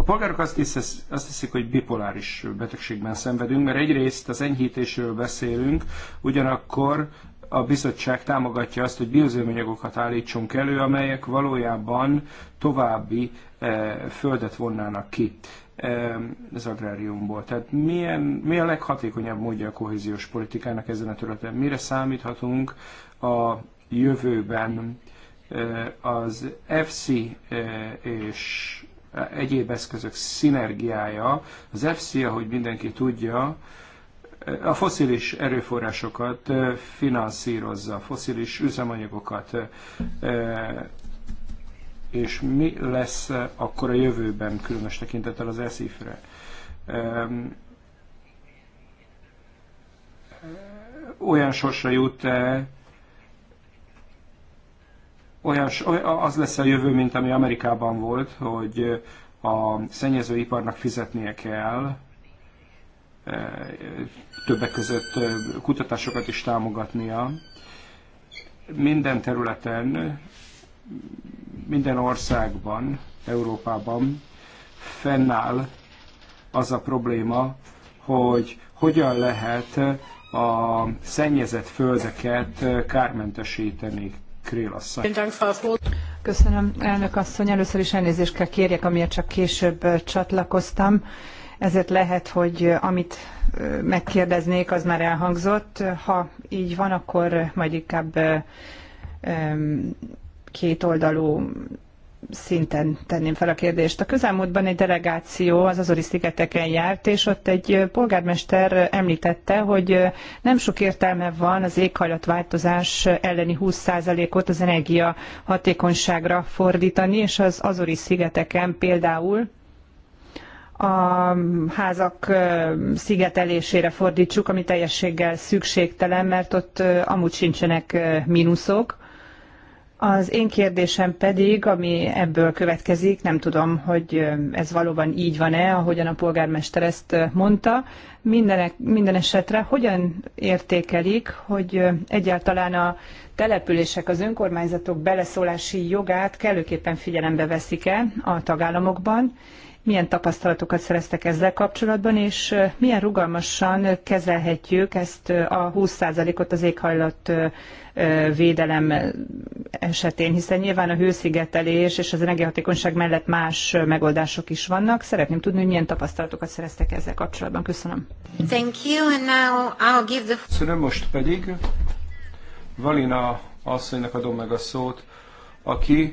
a polgárok azt, hisz, azt hiszik, hogy bipoláris betegségben szenvedünk, mert egyrészt az enyhítésről beszélünk, ugyanakkor a bizottság támogatja azt, hogy bioüzemanyagokat állítsunk elő, amelyek valójában további eh, földet vonnának ki eh, az agráriumból. Tehát milyen, mi a leghatékonyabb módja a kohéziós politikának ezen a területen? Mire számíthatunk a jövőben eh, az FC és egyéb eszközök szinergiája. Az EFSI, ahogy mindenki tudja, a foszilis erőforrásokat finanszírozza, foszilis üzemanyagokat, és mi lesz akkor a jövőben, különös tekintettel az eszifre. Olyan sorsa jut -e olyas, az lesz a jövő, mint ami Amerikában volt, hogy a szennyezőiparnak fizetnie kell többek között kutatásokat is támogatnia. Minden területen, minden országban, Európában fennáll az a probléma, hogy hogyan lehet a szennyezett földeket kármentesíteni. Krél asszony. Köszönöm, elnök asszony. Először is elnézést kell kérjek, amiért csak később csatlakoztam. Ezért lehet, hogy amit megkérdeznék, az már elhangzott. Ha így van, akkor majd inkább kétoldalú szinten tenném fel a kérdést. A közelmúltban egy delegáció az Azori szigeteken járt, és ott egy polgármester említette, hogy nem sok értelme van az éghajlatváltozás elleni 20%-ot az energia hatékonyságra fordítani, és az Azori szigeteken például a házak szigetelésére fordítsuk, ami teljességgel szükségtelen, mert ott amúgy sincsenek mínuszok, az én kérdésem pedig, ami ebből következik, nem tudom, hogy ez valóban így van-e, ahogyan a polgármester ezt mondta, minden, minden esetre hogyan értékelik, hogy egyáltalán a települések, az önkormányzatok beleszólási jogát kellőképpen figyelembe veszik-e a tagállamokban, milyen tapasztalatokat szereztek ezzel kapcsolatban, és milyen rugalmasan kezelhetjük ezt a 20%-ot az éghajlat védelem esetén, hiszen nyilván a hőszigetelés és az energiahatékonyság mellett más megoldások is vannak. Szeretném tudni, hogy milyen tapasztalatokat szereztek ezzel kapcsolatban. Köszönöm. Thank you, and now I'll give the... Köszönöm, most pedig Valina asszonynak adom meg a szót, aki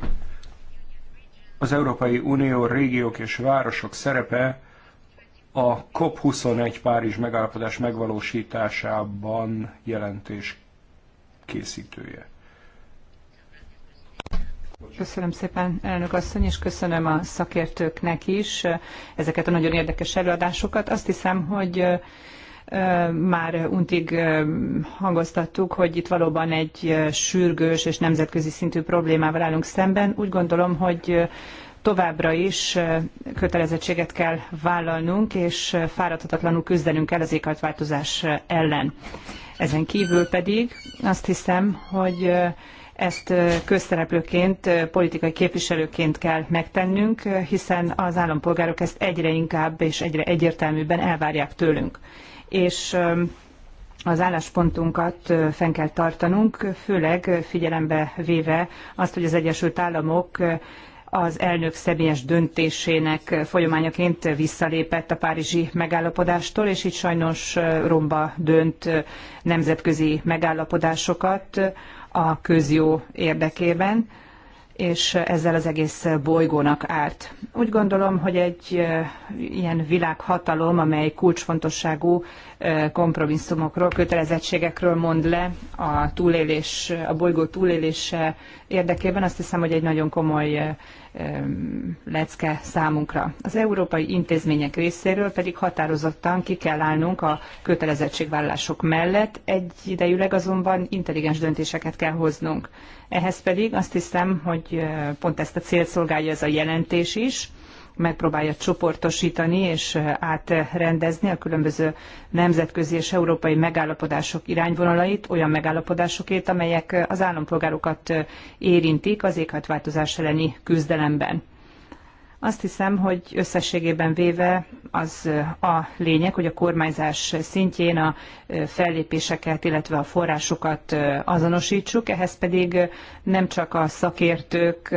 az Európai Unió régiók és városok szerepe a COP21 Párizs megállapodás megvalósításában jelentés készítője. Köszönöm szépen, elnök asszony, és köszönöm a szakértőknek is ezeket a nagyon érdekes előadásokat. Azt hiszem, hogy már untig hangoztattuk, hogy itt valóban egy sürgős és nemzetközi szintű problémával állunk szemben. Úgy gondolom, hogy továbbra is kötelezettséget kell vállalnunk, és fáradhatatlanul küzdenünk kell az éghajlatváltozás ellen. Ezen kívül pedig azt hiszem, hogy ezt közszereplőként, politikai képviselőként kell megtennünk, hiszen az állampolgárok ezt egyre inkább és egyre egyértelműbben elvárják tőlünk. És az álláspontunkat fenn kell tartanunk, főleg figyelembe véve azt, hogy az Egyesült Államok az elnök személyes döntésének folyamányaként visszalépett a párizsi megállapodástól, és itt sajnos romba dönt nemzetközi megállapodásokat a közjó érdekében és ezzel az egész bolygónak árt. Úgy gondolom, hogy egy ilyen világhatalom, amely kulcsfontosságú kompromisszumokról, kötelezettségekről mond le a túlélés, a bolygó túlélése érdekében, azt hiszem, hogy egy nagyon komoly lecke számunkra. Az európai intézmények részéről pedig határozottan ki kell állnunk a kötelezettségvállalások mellett, egyidejűleg azonban intelligens döntéseket kell hoznunk. Ehhez pedig azt hiszem, hogy eh, pont ezt a célt szolgálja ez a jelentés is, megpróbálja csoportosítani és átrendezni a különböző nemzetközi és európai megállapodások irányvonalait, olyan megállapodásokét, amelyek az állampolgárokat érintik az éghajtváltozás elleni küzdelemben. Azt hiszem, hogy összességében véve az a lényeg, hogy a kormányzás szintjén a fellépéseket, illetve a forrásokat azonosítsuk, ehhez pedig nem csak a szakértők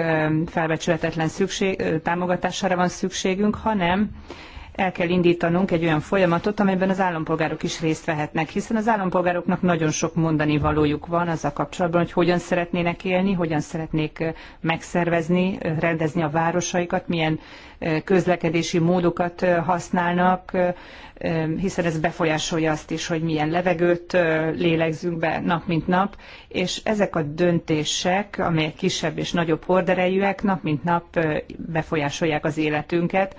felbecsületetlen szükség, támogatására van szükségünk, hanem el kell indítanunk egy olyan folyamatot, amelyben az állampolgárok is részt vehetnek, hiszen az állampolgároknak nagyon sok mondani valójuk van azzal kapcsolatban, hogy hogyan szeretnének élni, hogyan szeretnék megszervezni, rendezni a városaikat, milyen közlekedési módokat használnak, hiszen ez befolyásolja azt is, hogy milyen levegőt lélegzünk be nap mint nap, és ezek a döntések, amelyek kisebb és nagyobb horderejűek, nap mint nap befolyásolják az életünket,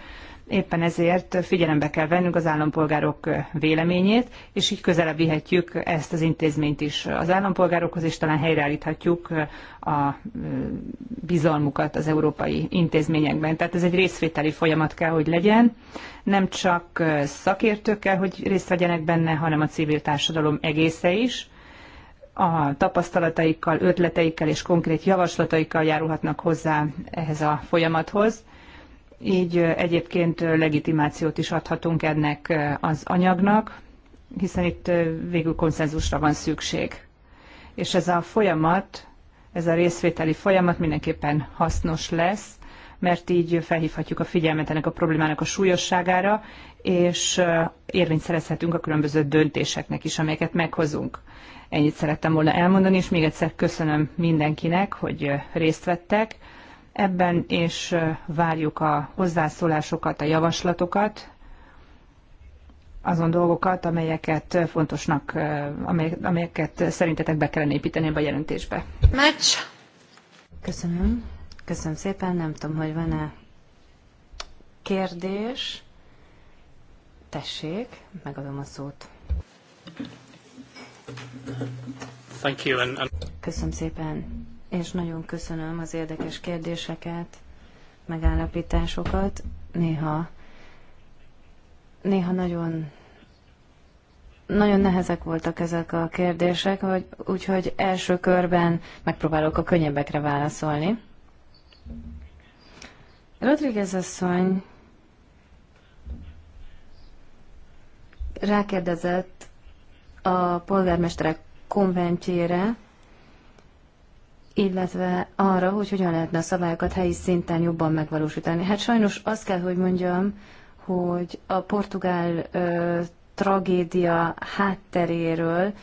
Éppen ezért figyelembe kell vennünk az állampolgárok véleményét, és így közelebb vihetjük ezt az intézményt is az állampolgárokhoz, és talán helyreállíthatjuk a bizalmukat az európai intézményekben. Tehát ez egy részvételi folyamat kell, hogy legyen. Nem csak szakértők kell, hogy részt vegyenek benne, hanem a civil társadalom egésze is a tapasztalataikkal, ötleteikkel és konkrét javaslataikkal járulhatnak hozzá ehhez a folyamathoz így egyébként legitimációt is adhatunk ennek az anyagnak, hiszen itt végül konszenzusra van szükség. És ez a folyamat, ez a részvételi folyamat mindenképpen hasznos lesz, mert így felhívhatjuk a figyelmet ennek a problémának a súlyosságára, és érvényt szerezhetünk a különböző döntéseknek is, amelyeket meghozunk. Ennyit szerettem volna elmondani, és még egyszer köszönöm mindenkinek, hogy részt vettek. Ebben és várjuk a hozzászólásokat, a javaslatokat, azon dolgokat, amelyeket fontosnak, amelyeket szerintetek be kellene építeni ebbe a jelentésbe. Meccs! Köszönöm. Köszönöm szépen. Nem tudom, hogy van-e kérdés. Tessék, megadom a szót. Thank you and, and... Köszönöm szépen és nagyon köszönöm az érdekes kérdéseket, megállapításokat. Néha, néha nagyon nagyon nehezek voltak ezek a kérdések, hogy, úgyhogy első körben megpróbálok a könnyebbekre válaszolni. Rodriguez asszony rákérdezett a polgármesterek konventjére, illetve arra, hogy hogyan lehetne a szabályokat helyi szinten jobban megvalósítani. Hát sajnos azt kell, hogy mondjam, hogy a portugál ö, tragédia hátteréről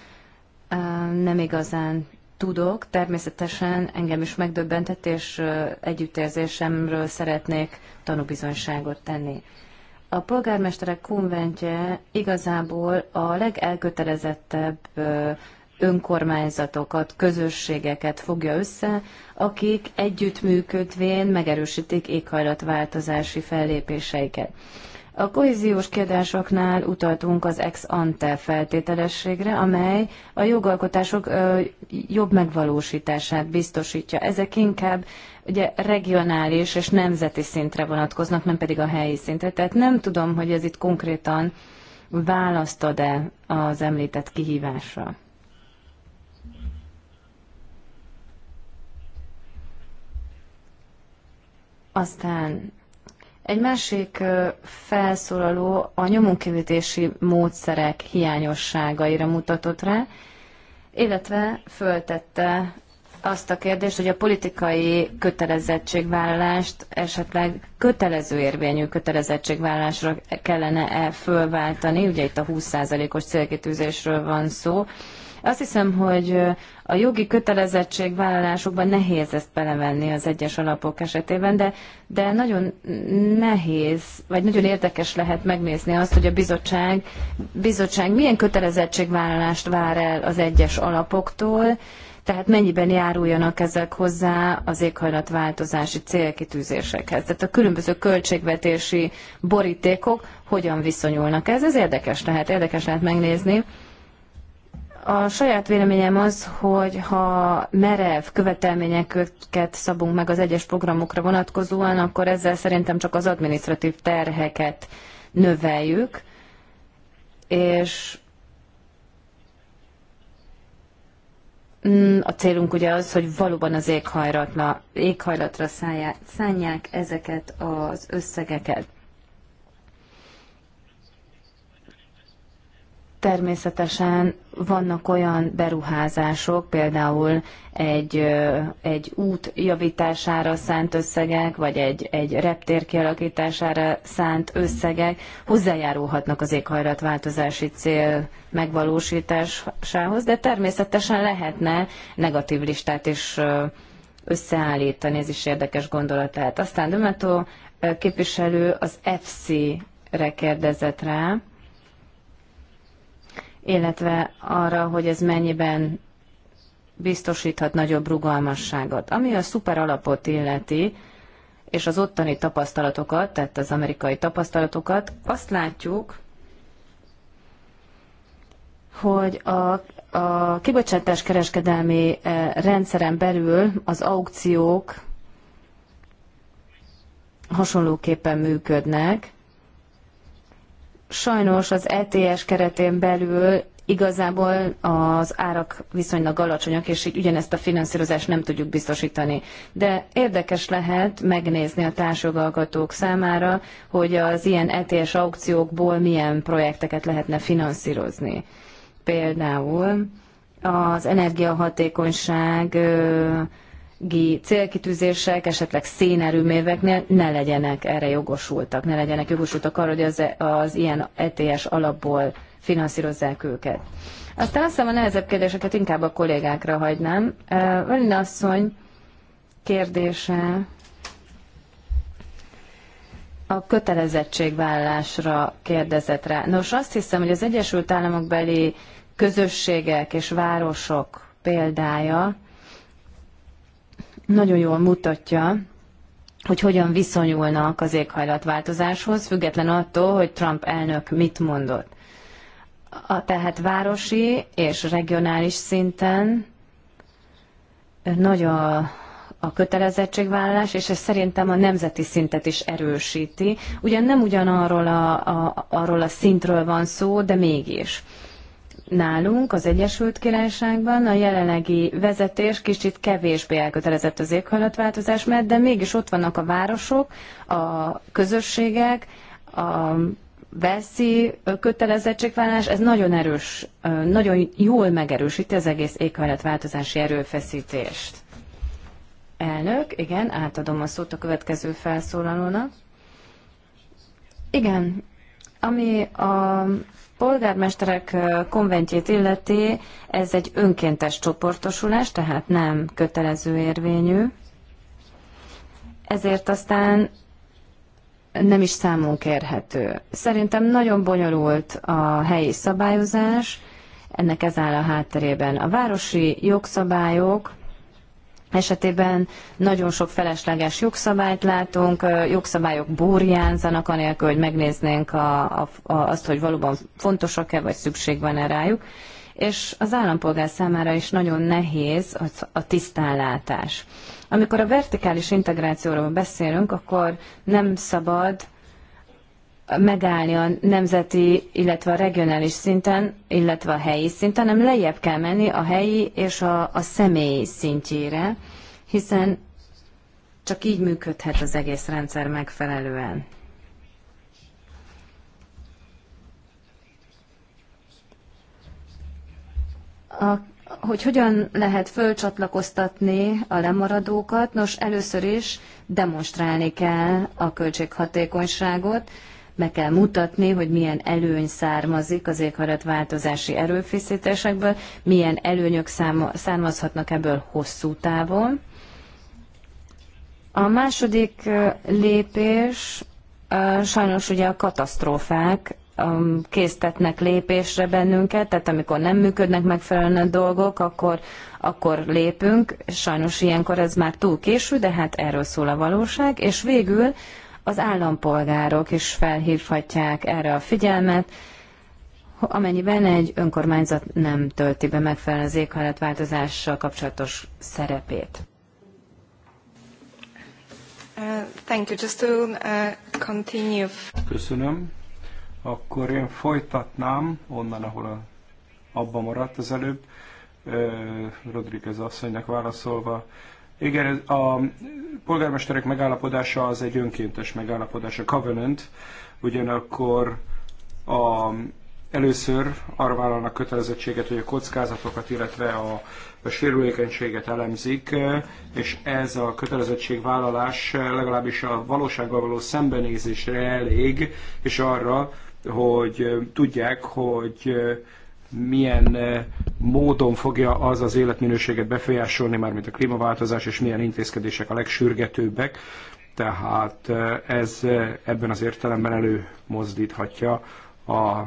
ö, nem igazán tudok. Természetesen engem is megdöbbentett, és ö, együttérzésemről szeretnék tanúbizonyságot tenni. A polgármesterek konventje igazából a legelkötelezettebb önkormányzatokat, közösségeket fogja össze, akik együttműködvén megerősítik éghajlatváltozási fellépéseiket. A kohéziós kiadásoknál utaltunk az ex ante feltételességre, amely a jogalkotások jobb megvalósítását biztosítja. Ezek inkább ugye regionális és nemzeti szintre vonatkoznak, nem pedig a helyi szintre. Tehát nem tudom, hogy ez itt konkrétan választ ad-e az említett kihívásra. Aztán egy másik felszólaló a nyomonkivetési módszerek hiányosságaira mutatott rá, illetve föltette azt a kérdést, hogy a politikai kötelezettségvállalást esetleg kötelező érvényű kötelezettségvállalásra kellene-e fölváltani, ugye itt a 20%-os célkitűzésről van szó, azt hiszem, hogy a jogi kötelezettségvállalásokban nehéz ezt belevenni az egyes alapok esetében, de, de nagyon nehéz, vagy nagyon érdekes lehet megnézni azt, hogy a bizottság, bizottság milyen kötelezettségvállalást vár el az egyes alapoktól, tehát mennyiben járuljanak ezek hozzá az éghajlatváltozási célkitűzésekhez. Tehát a különböző költségvetési borítékok hogyan viszonyulnak ez, ez érdekes lehet, érdekes lehet megnézni. A saját véleményem az, hogy ha merev követelményeket szabunk meg az egyes programokra vonatkozóan, akkor ezzel szerintem csak az administratív terheket növeljük, és mm, a célunk ugye az, hogy valóban az éghajlatra, éghajlatra szállják, szánják ezeket az összegeket. Természetesen vannak olyan beruházások, például egy, egy út javítására szánt összegek, vagy egy, egy reptér kialakítására szánt összegek hozzájárulhatnak az éghajlatváltozási cél megvalósításához, de természetesen lehetne negatív listát is összeállítani, ez is érdekes gondolat lehet. Aztán Dömetó képviselő az FC-re kérdezett rá, illetve arra, hogy ez mennyiben biztosíthat nagyobb rugalmasságot. Ami a szuper alapot illeti, és az ottani tapasztalatokat, tehát az amerikai tapasztalatokat, azt látjuk, hogy a, a kibocsátás kereskedelmi eh, rendszeren belül az aukciók hasonlóképpen működnek, Sajnos az ETS keretén belül igazából az árak viszonylag alacsonyak, és így ugyanezt a finanszírozást nem tudjuk biztosítani. De érdekes lehet megnézni a társjogalgatók számára, hogy az ilyen ETS aukciókból milyen projekteket lehetne finanszírozni. Például az energiahatékonyság célkitűzések, esetleg szénerőműveknél ne legyenek erre jogosultak, ne legyenek jogosultak arra, hogy az, az ilyen ETS alapból finanszírozzák őket. Aztán azt hiszem a nehezebb kérdéseket inkább a kollégákra hagynám. Ön asszony kérdése a kötelezettségvállásra kérdezett rá. Nos, azt hiszem, hogy az Egyesült Államok beli közösségek és városok példája nagyon jól mutatja, hogy hogyan viszonyulnak az éghajlatváltozáshoz, független attól, hogy Trump elnök mit mondott. A tehát városi és regionális szinten nagy a, a kötelezettségvállalás, és ez szerintem a nemzeti szintet is erősíti. Ugyan nem ugyanarról a, a, arról a szintről van szó, de mégis nálunk, az Egyesült Királyságban a jelenlegi vezetés kicsit kevésbé elkötelezett az éghajlatváltozás mellett, de mégis ott vannak a városok, a közösségek, a veszi kötelezettségvállás, ez nagyon erős, nagyon jól megerősíti az egész éghajlatváltozási erőfeszítést. Elnök, igen, átadom a szót a következő felszólalónak. Igen, ami a polgármesterek konventjét illeti, ez egy önkéntes csoportosulás, tehát nem kötelező érvényű. Ezért aztán nem is számunk érhető. Szerintem nagyon bonyolult a helyi szabályozás, ennek ez áll a hátterében. A városi jogszabályok esetében nagyon sok felesleges jogszabályt látunk, jogszabályok búrjánzanak, anélkül, hogy megnéznénk a, a, azt, hogy valóban fontosak-e, vagy szükség van-e rájuk. És az állampolgár számára is nagyon nehéz a tisztánlátás. Amikor a vertikális integrációról beszélünk, akkor nem szabad megállni a nemzeti, illetve a regionális szinten, illetve a helyi szinten, hanem lejjebb kell menni a helyi és a, a személyi szintjére, hiszen csak így működhet az egész rendszer megfelelően. A, hogy hogyan lehet fölcsatlakoztatni a lemaradókat, nos először is demonstrálni kell a költséghatékonyságot, meg kell mutatni, hogy milyen előny származik az változási erőfeszítésekből, milyen előnyök származhatnak ebből hosszú távon. A második lépés sajnos ugye a katasztrófák késztetnek lépésre bennünket, tehát amikor nem működnek megfelelően a dolgok, akkor, akkor lépünk. Sajnos ilyenkor ez már túl késő, de hát erről szól a valóság. És végül az állampolgárok is felhívhatják erre a figyelmet, amennyiben egy önkormányzat nem tölti be megfelelően az éghajlatváltozással kapcsolatos szerepét. Uh, thank you. Just to uh, continue. Köszönöm. Akkor én folytatnám onnan, ahol a, abban maradt az előbb. Uh, Rodríguez asszonynak válaszolva, uh, igen, a polgármesterek megállapodása az egy önkéntes megállapodás, a covenant, ugyanakkor a, először arra vállalnak kötelezettséget, hogy a kockázatokat, illetve a, a sérülékenységet elemzik, és ez a kötelezettségvállalás legalábbis a valósággal való szembenézésre elég, és arra, hogy tudják, hogy milyen módon fogja az az életminőséget befolyásolni, mármint a klímaváltozás, és milyen intézkedések a legsürgetőbbek. Tehát eh, ez eh, ebben az értelemben előmozdíthatja a eh,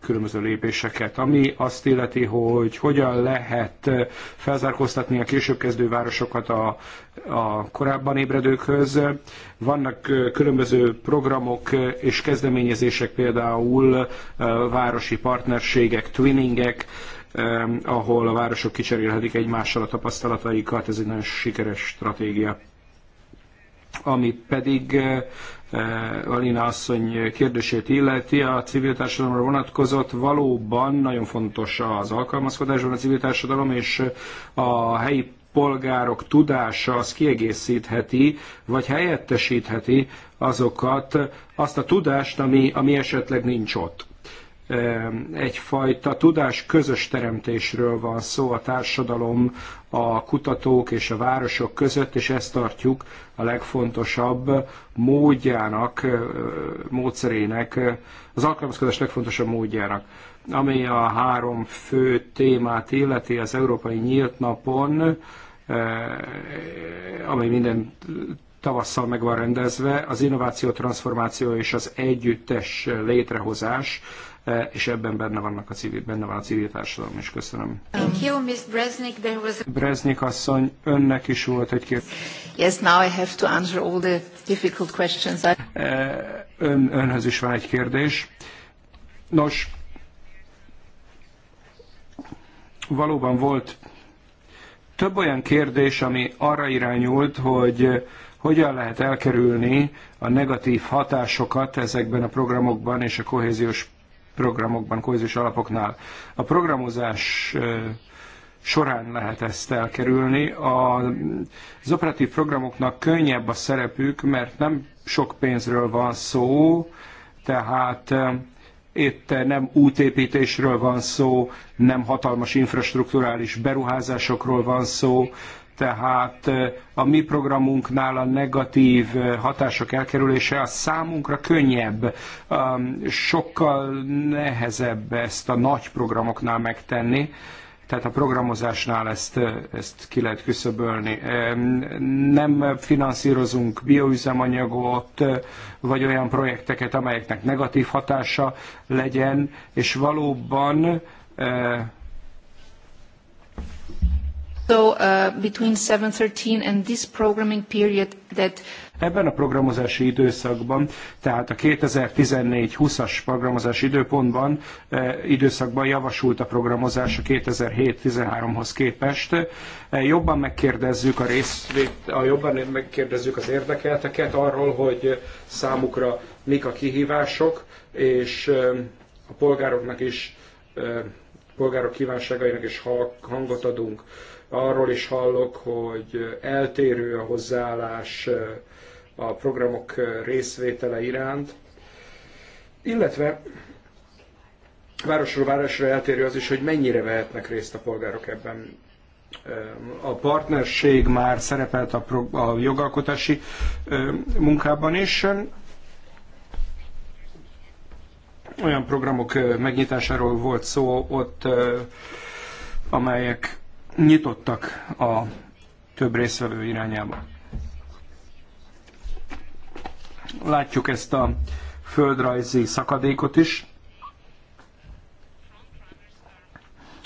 különböző lépéseket. Ami azt illeti, hogy hogyan lehet felzárkóztatni a később kezdő városokat a, a korábban ébredőkhöz. Vannak különböző programok és kezdeményezések, például városi partnerségek, twinningek, ahol a városok kicserélhetik egymással a tapasztalataikat, ez egy nagyon sikeres stratégia. Ami pedig eh, eh, Alina asszony kérdését illeti, a civil társadalomra vonatkozott, valóban nagyon fontos az alkalmazkodásban a civil társadalom, és a helyi polgárok tudása az kiegészítheti, vagy helyettesítheti azokat, azt a tudást, ami, ami esetleg nincs ott egyfajta tudás közös teremtésről van szó a társadalom, a kutatók és a városok között, és ezt tartjuk a legfontosabb módjának, módszerének, az alkalmazkodás legfontosabb módjának. Ami a három fő témát illeti az Európai Nyílt Napon, amely minden tavasszal meg van rendezve, az innováció, transformáció és az együttes létrehozás, E, és ebben benne, vannak a civil, benne van a civil társadalom is. Köszönöm. Thank you, Ms. Bresnik. There was a... Bresnik asszony, önnek is volt egy kérdés. Yes, now I have to answer all the difficult questions. I... E, ön, önhöz is van egy kérdés. Nos, valóban volt több olyan kérdés, ami arra irányult, hogy hogyan lehet elkerülni a negatív hatásokat ezekben a programokban és a kohéziós programokban, kohéziós alapoknál. A programozás során lehet ezt elkerülni. A, az operatív programoknak könnyebb a szerepük, mert nem sok pénzről van szó, tehát itt nem útépítésről van szó, nem hatalmas infrastruktúrális beruházásokról van szó, tehát a mi programunknál a negatív hatások elkerülése a számunkra könnyebb, sokkal nehezebb ezt a nagy programoknál megtenni, tehát a programozásnál ezt, ezt ki lehet küszöbölni. Nem finanszírozunk bioüzemanyagot, vagy olyan projekteket, amelyeknek negatív hatása legyen, és valóban So, uh, between and this programming period that Ebben a programozási időszakban, tehát a 2014-20-as programozási időpontban, eh, időszakban javasult a programozás a 2007-13-hoz képest. Eh, jobban megkérdezzük, a rész, a jobban megkérdezzük az érdekelteket arról, hogy számukra mik a kihívások, és eh, a polgároknak is, a polgárok kívánságainak is hangot adunk. Arról is hallok, hogy eltérő a hozzáállás eh, a programok eh, részvétele iránt, illetve városról városra eltérő az is, hogy mennyire vehetnek részt a polgárok ebben. Eh, a partnerség már szerepelt a, a jogalkotási munkában is. Olyan programok megnyitásáról volt szó ott, amelyek nyitottak a több részvevő irányába. Látjuk ezt a földrajzi szakadékot is,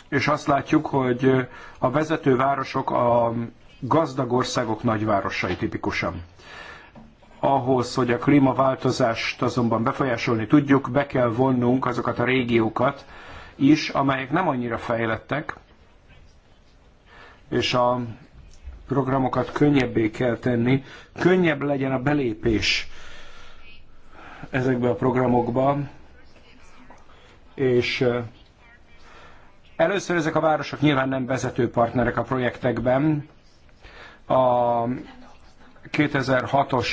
és azt látjuk, hogy a vezető városok a gazdag országok nagyvárosai tipikusan. Ahhoz, hogy a klímaváltozást azonban befolyásolni tudjuk, be kell vonnunk azokat a régiókat is, amelyek nem annyira fejlettek, és a programokat könnyebbé kell tenni, könnyebb legyen a belépés ezekbe a programokba, és először ezek a városok nyilván nem vezető partnerek a projektekben. A 2006-os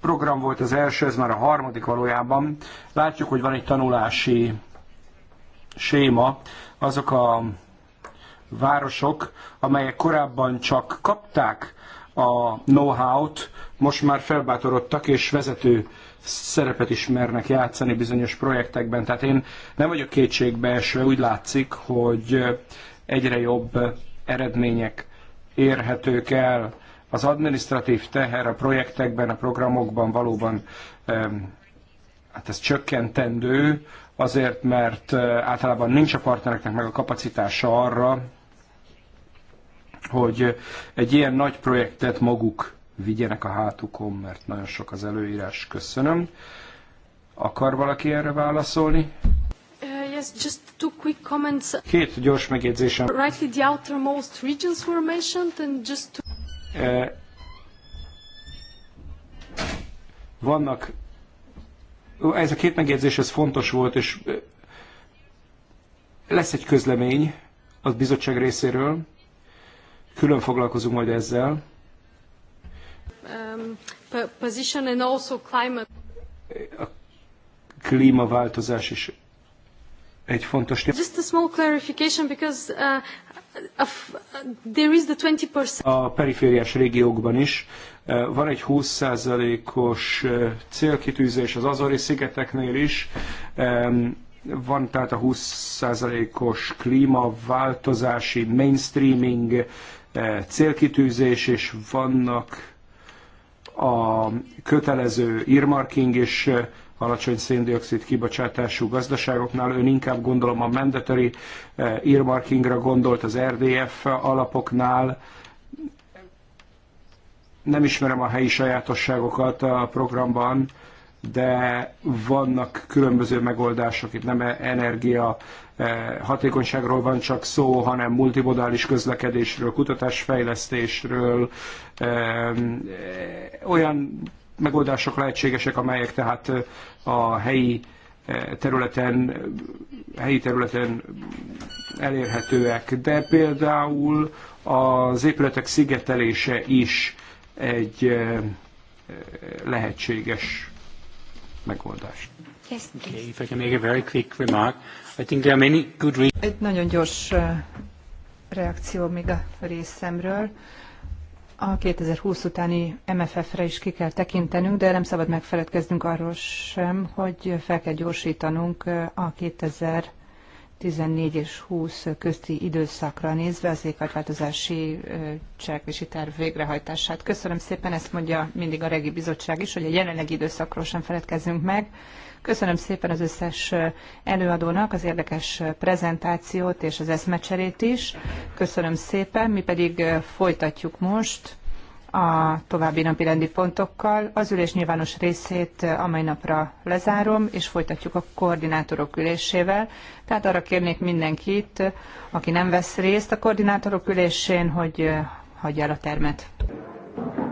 program volt az első, ez már a harmadik valójában. Látjuk, hogy van egy tanulási séma. Azok a városok, amelyek korábban csak kapták a know-how-t, most már felbátorodtak és vezető szerepet is mernek játszani bizonyos projektekben. Tehát én nem vagyok kétségbeesve, úgy látszik, hogy egyre jobb eredmények érhetők el. Az administratív teher a projektekben, a programokban valóban hát ez csökkentendő, azért mert általában nincs a partnereknek meg a kapacitása arra, hogy egy ilyen nagy projektet maguk vigyenek a hátukon, mert nagyon sok az előírás. Köszönöm. Akar valaki erre válaszolni? Uh, yes, just two quick comments. Két gyors megjegyzésem. Rightly the outermost regions were mentioned and just eh, vannak ez a két megjegyzés, ez fontos volt, és eh, lesz egy közlemény az bizottság részéről, Külön foglalkozunk majd ezzel. Um, position and also climate. A klímaváltozás is egy fontos téma. Just a small clarification because uh, uh there is the 20%. A perifériás régiókban is uh, van egy 20%-os uh, célkitűzés az Azori szigeteknél is. Um, van tehát a 20%-os klímaváltozási mainstreaming E, célkitűzés, és vannak a kötelező earmarking és e, alacsony széndiokszid kibocsátású gazdaságoknál. Ön inkább gondolom a mandatory e, earmarkingra gondolt az RDF alapoknál. Nem ismerem a helyi sajátosságokat a programban, de vannak különböző megoldások, itt nem energia eh, hatékonyságról van csak szó, hanem multimodális közlekedésről, kutatásfejlesztésről, eh, olyan megoldások lehetségesek, amelyek tehát eh, a helyi területen, helyi területen elérhetőek, de például az épületek szigetelése is egy lehetséges megoldást. Egy nagyon gyors reakció még a részemről. A 2020 utáni MFF-re is ki kell tekintenünk, de nem szabad megfeledkeznünk arról sem, hogy fel kell gyorsítanunk a 2000 14 és 20 közti időszakra nézve az éghajtváltozási cselekvési terv végrehajtását. Köszönöm szépen, ezt mondja mindig a Regi Bizottság is, hogy a jelenlegi időszakról sem feledkezzünk meg. Köszönöm szépen az összes előadónak az érdekes prezentációt és az eszmecserét is. Köszönöm szépen, mi pedig folytatjuk most a további napi rendi pontokkal. Az ülés nyilvános részét amely napra lezárom, és folytatjuk a koordinátorok ülésével. Tehát arra kérnék mindenkit, aki nem vesz részt a koordinátorok ülésén, hogy hagyja el a termet.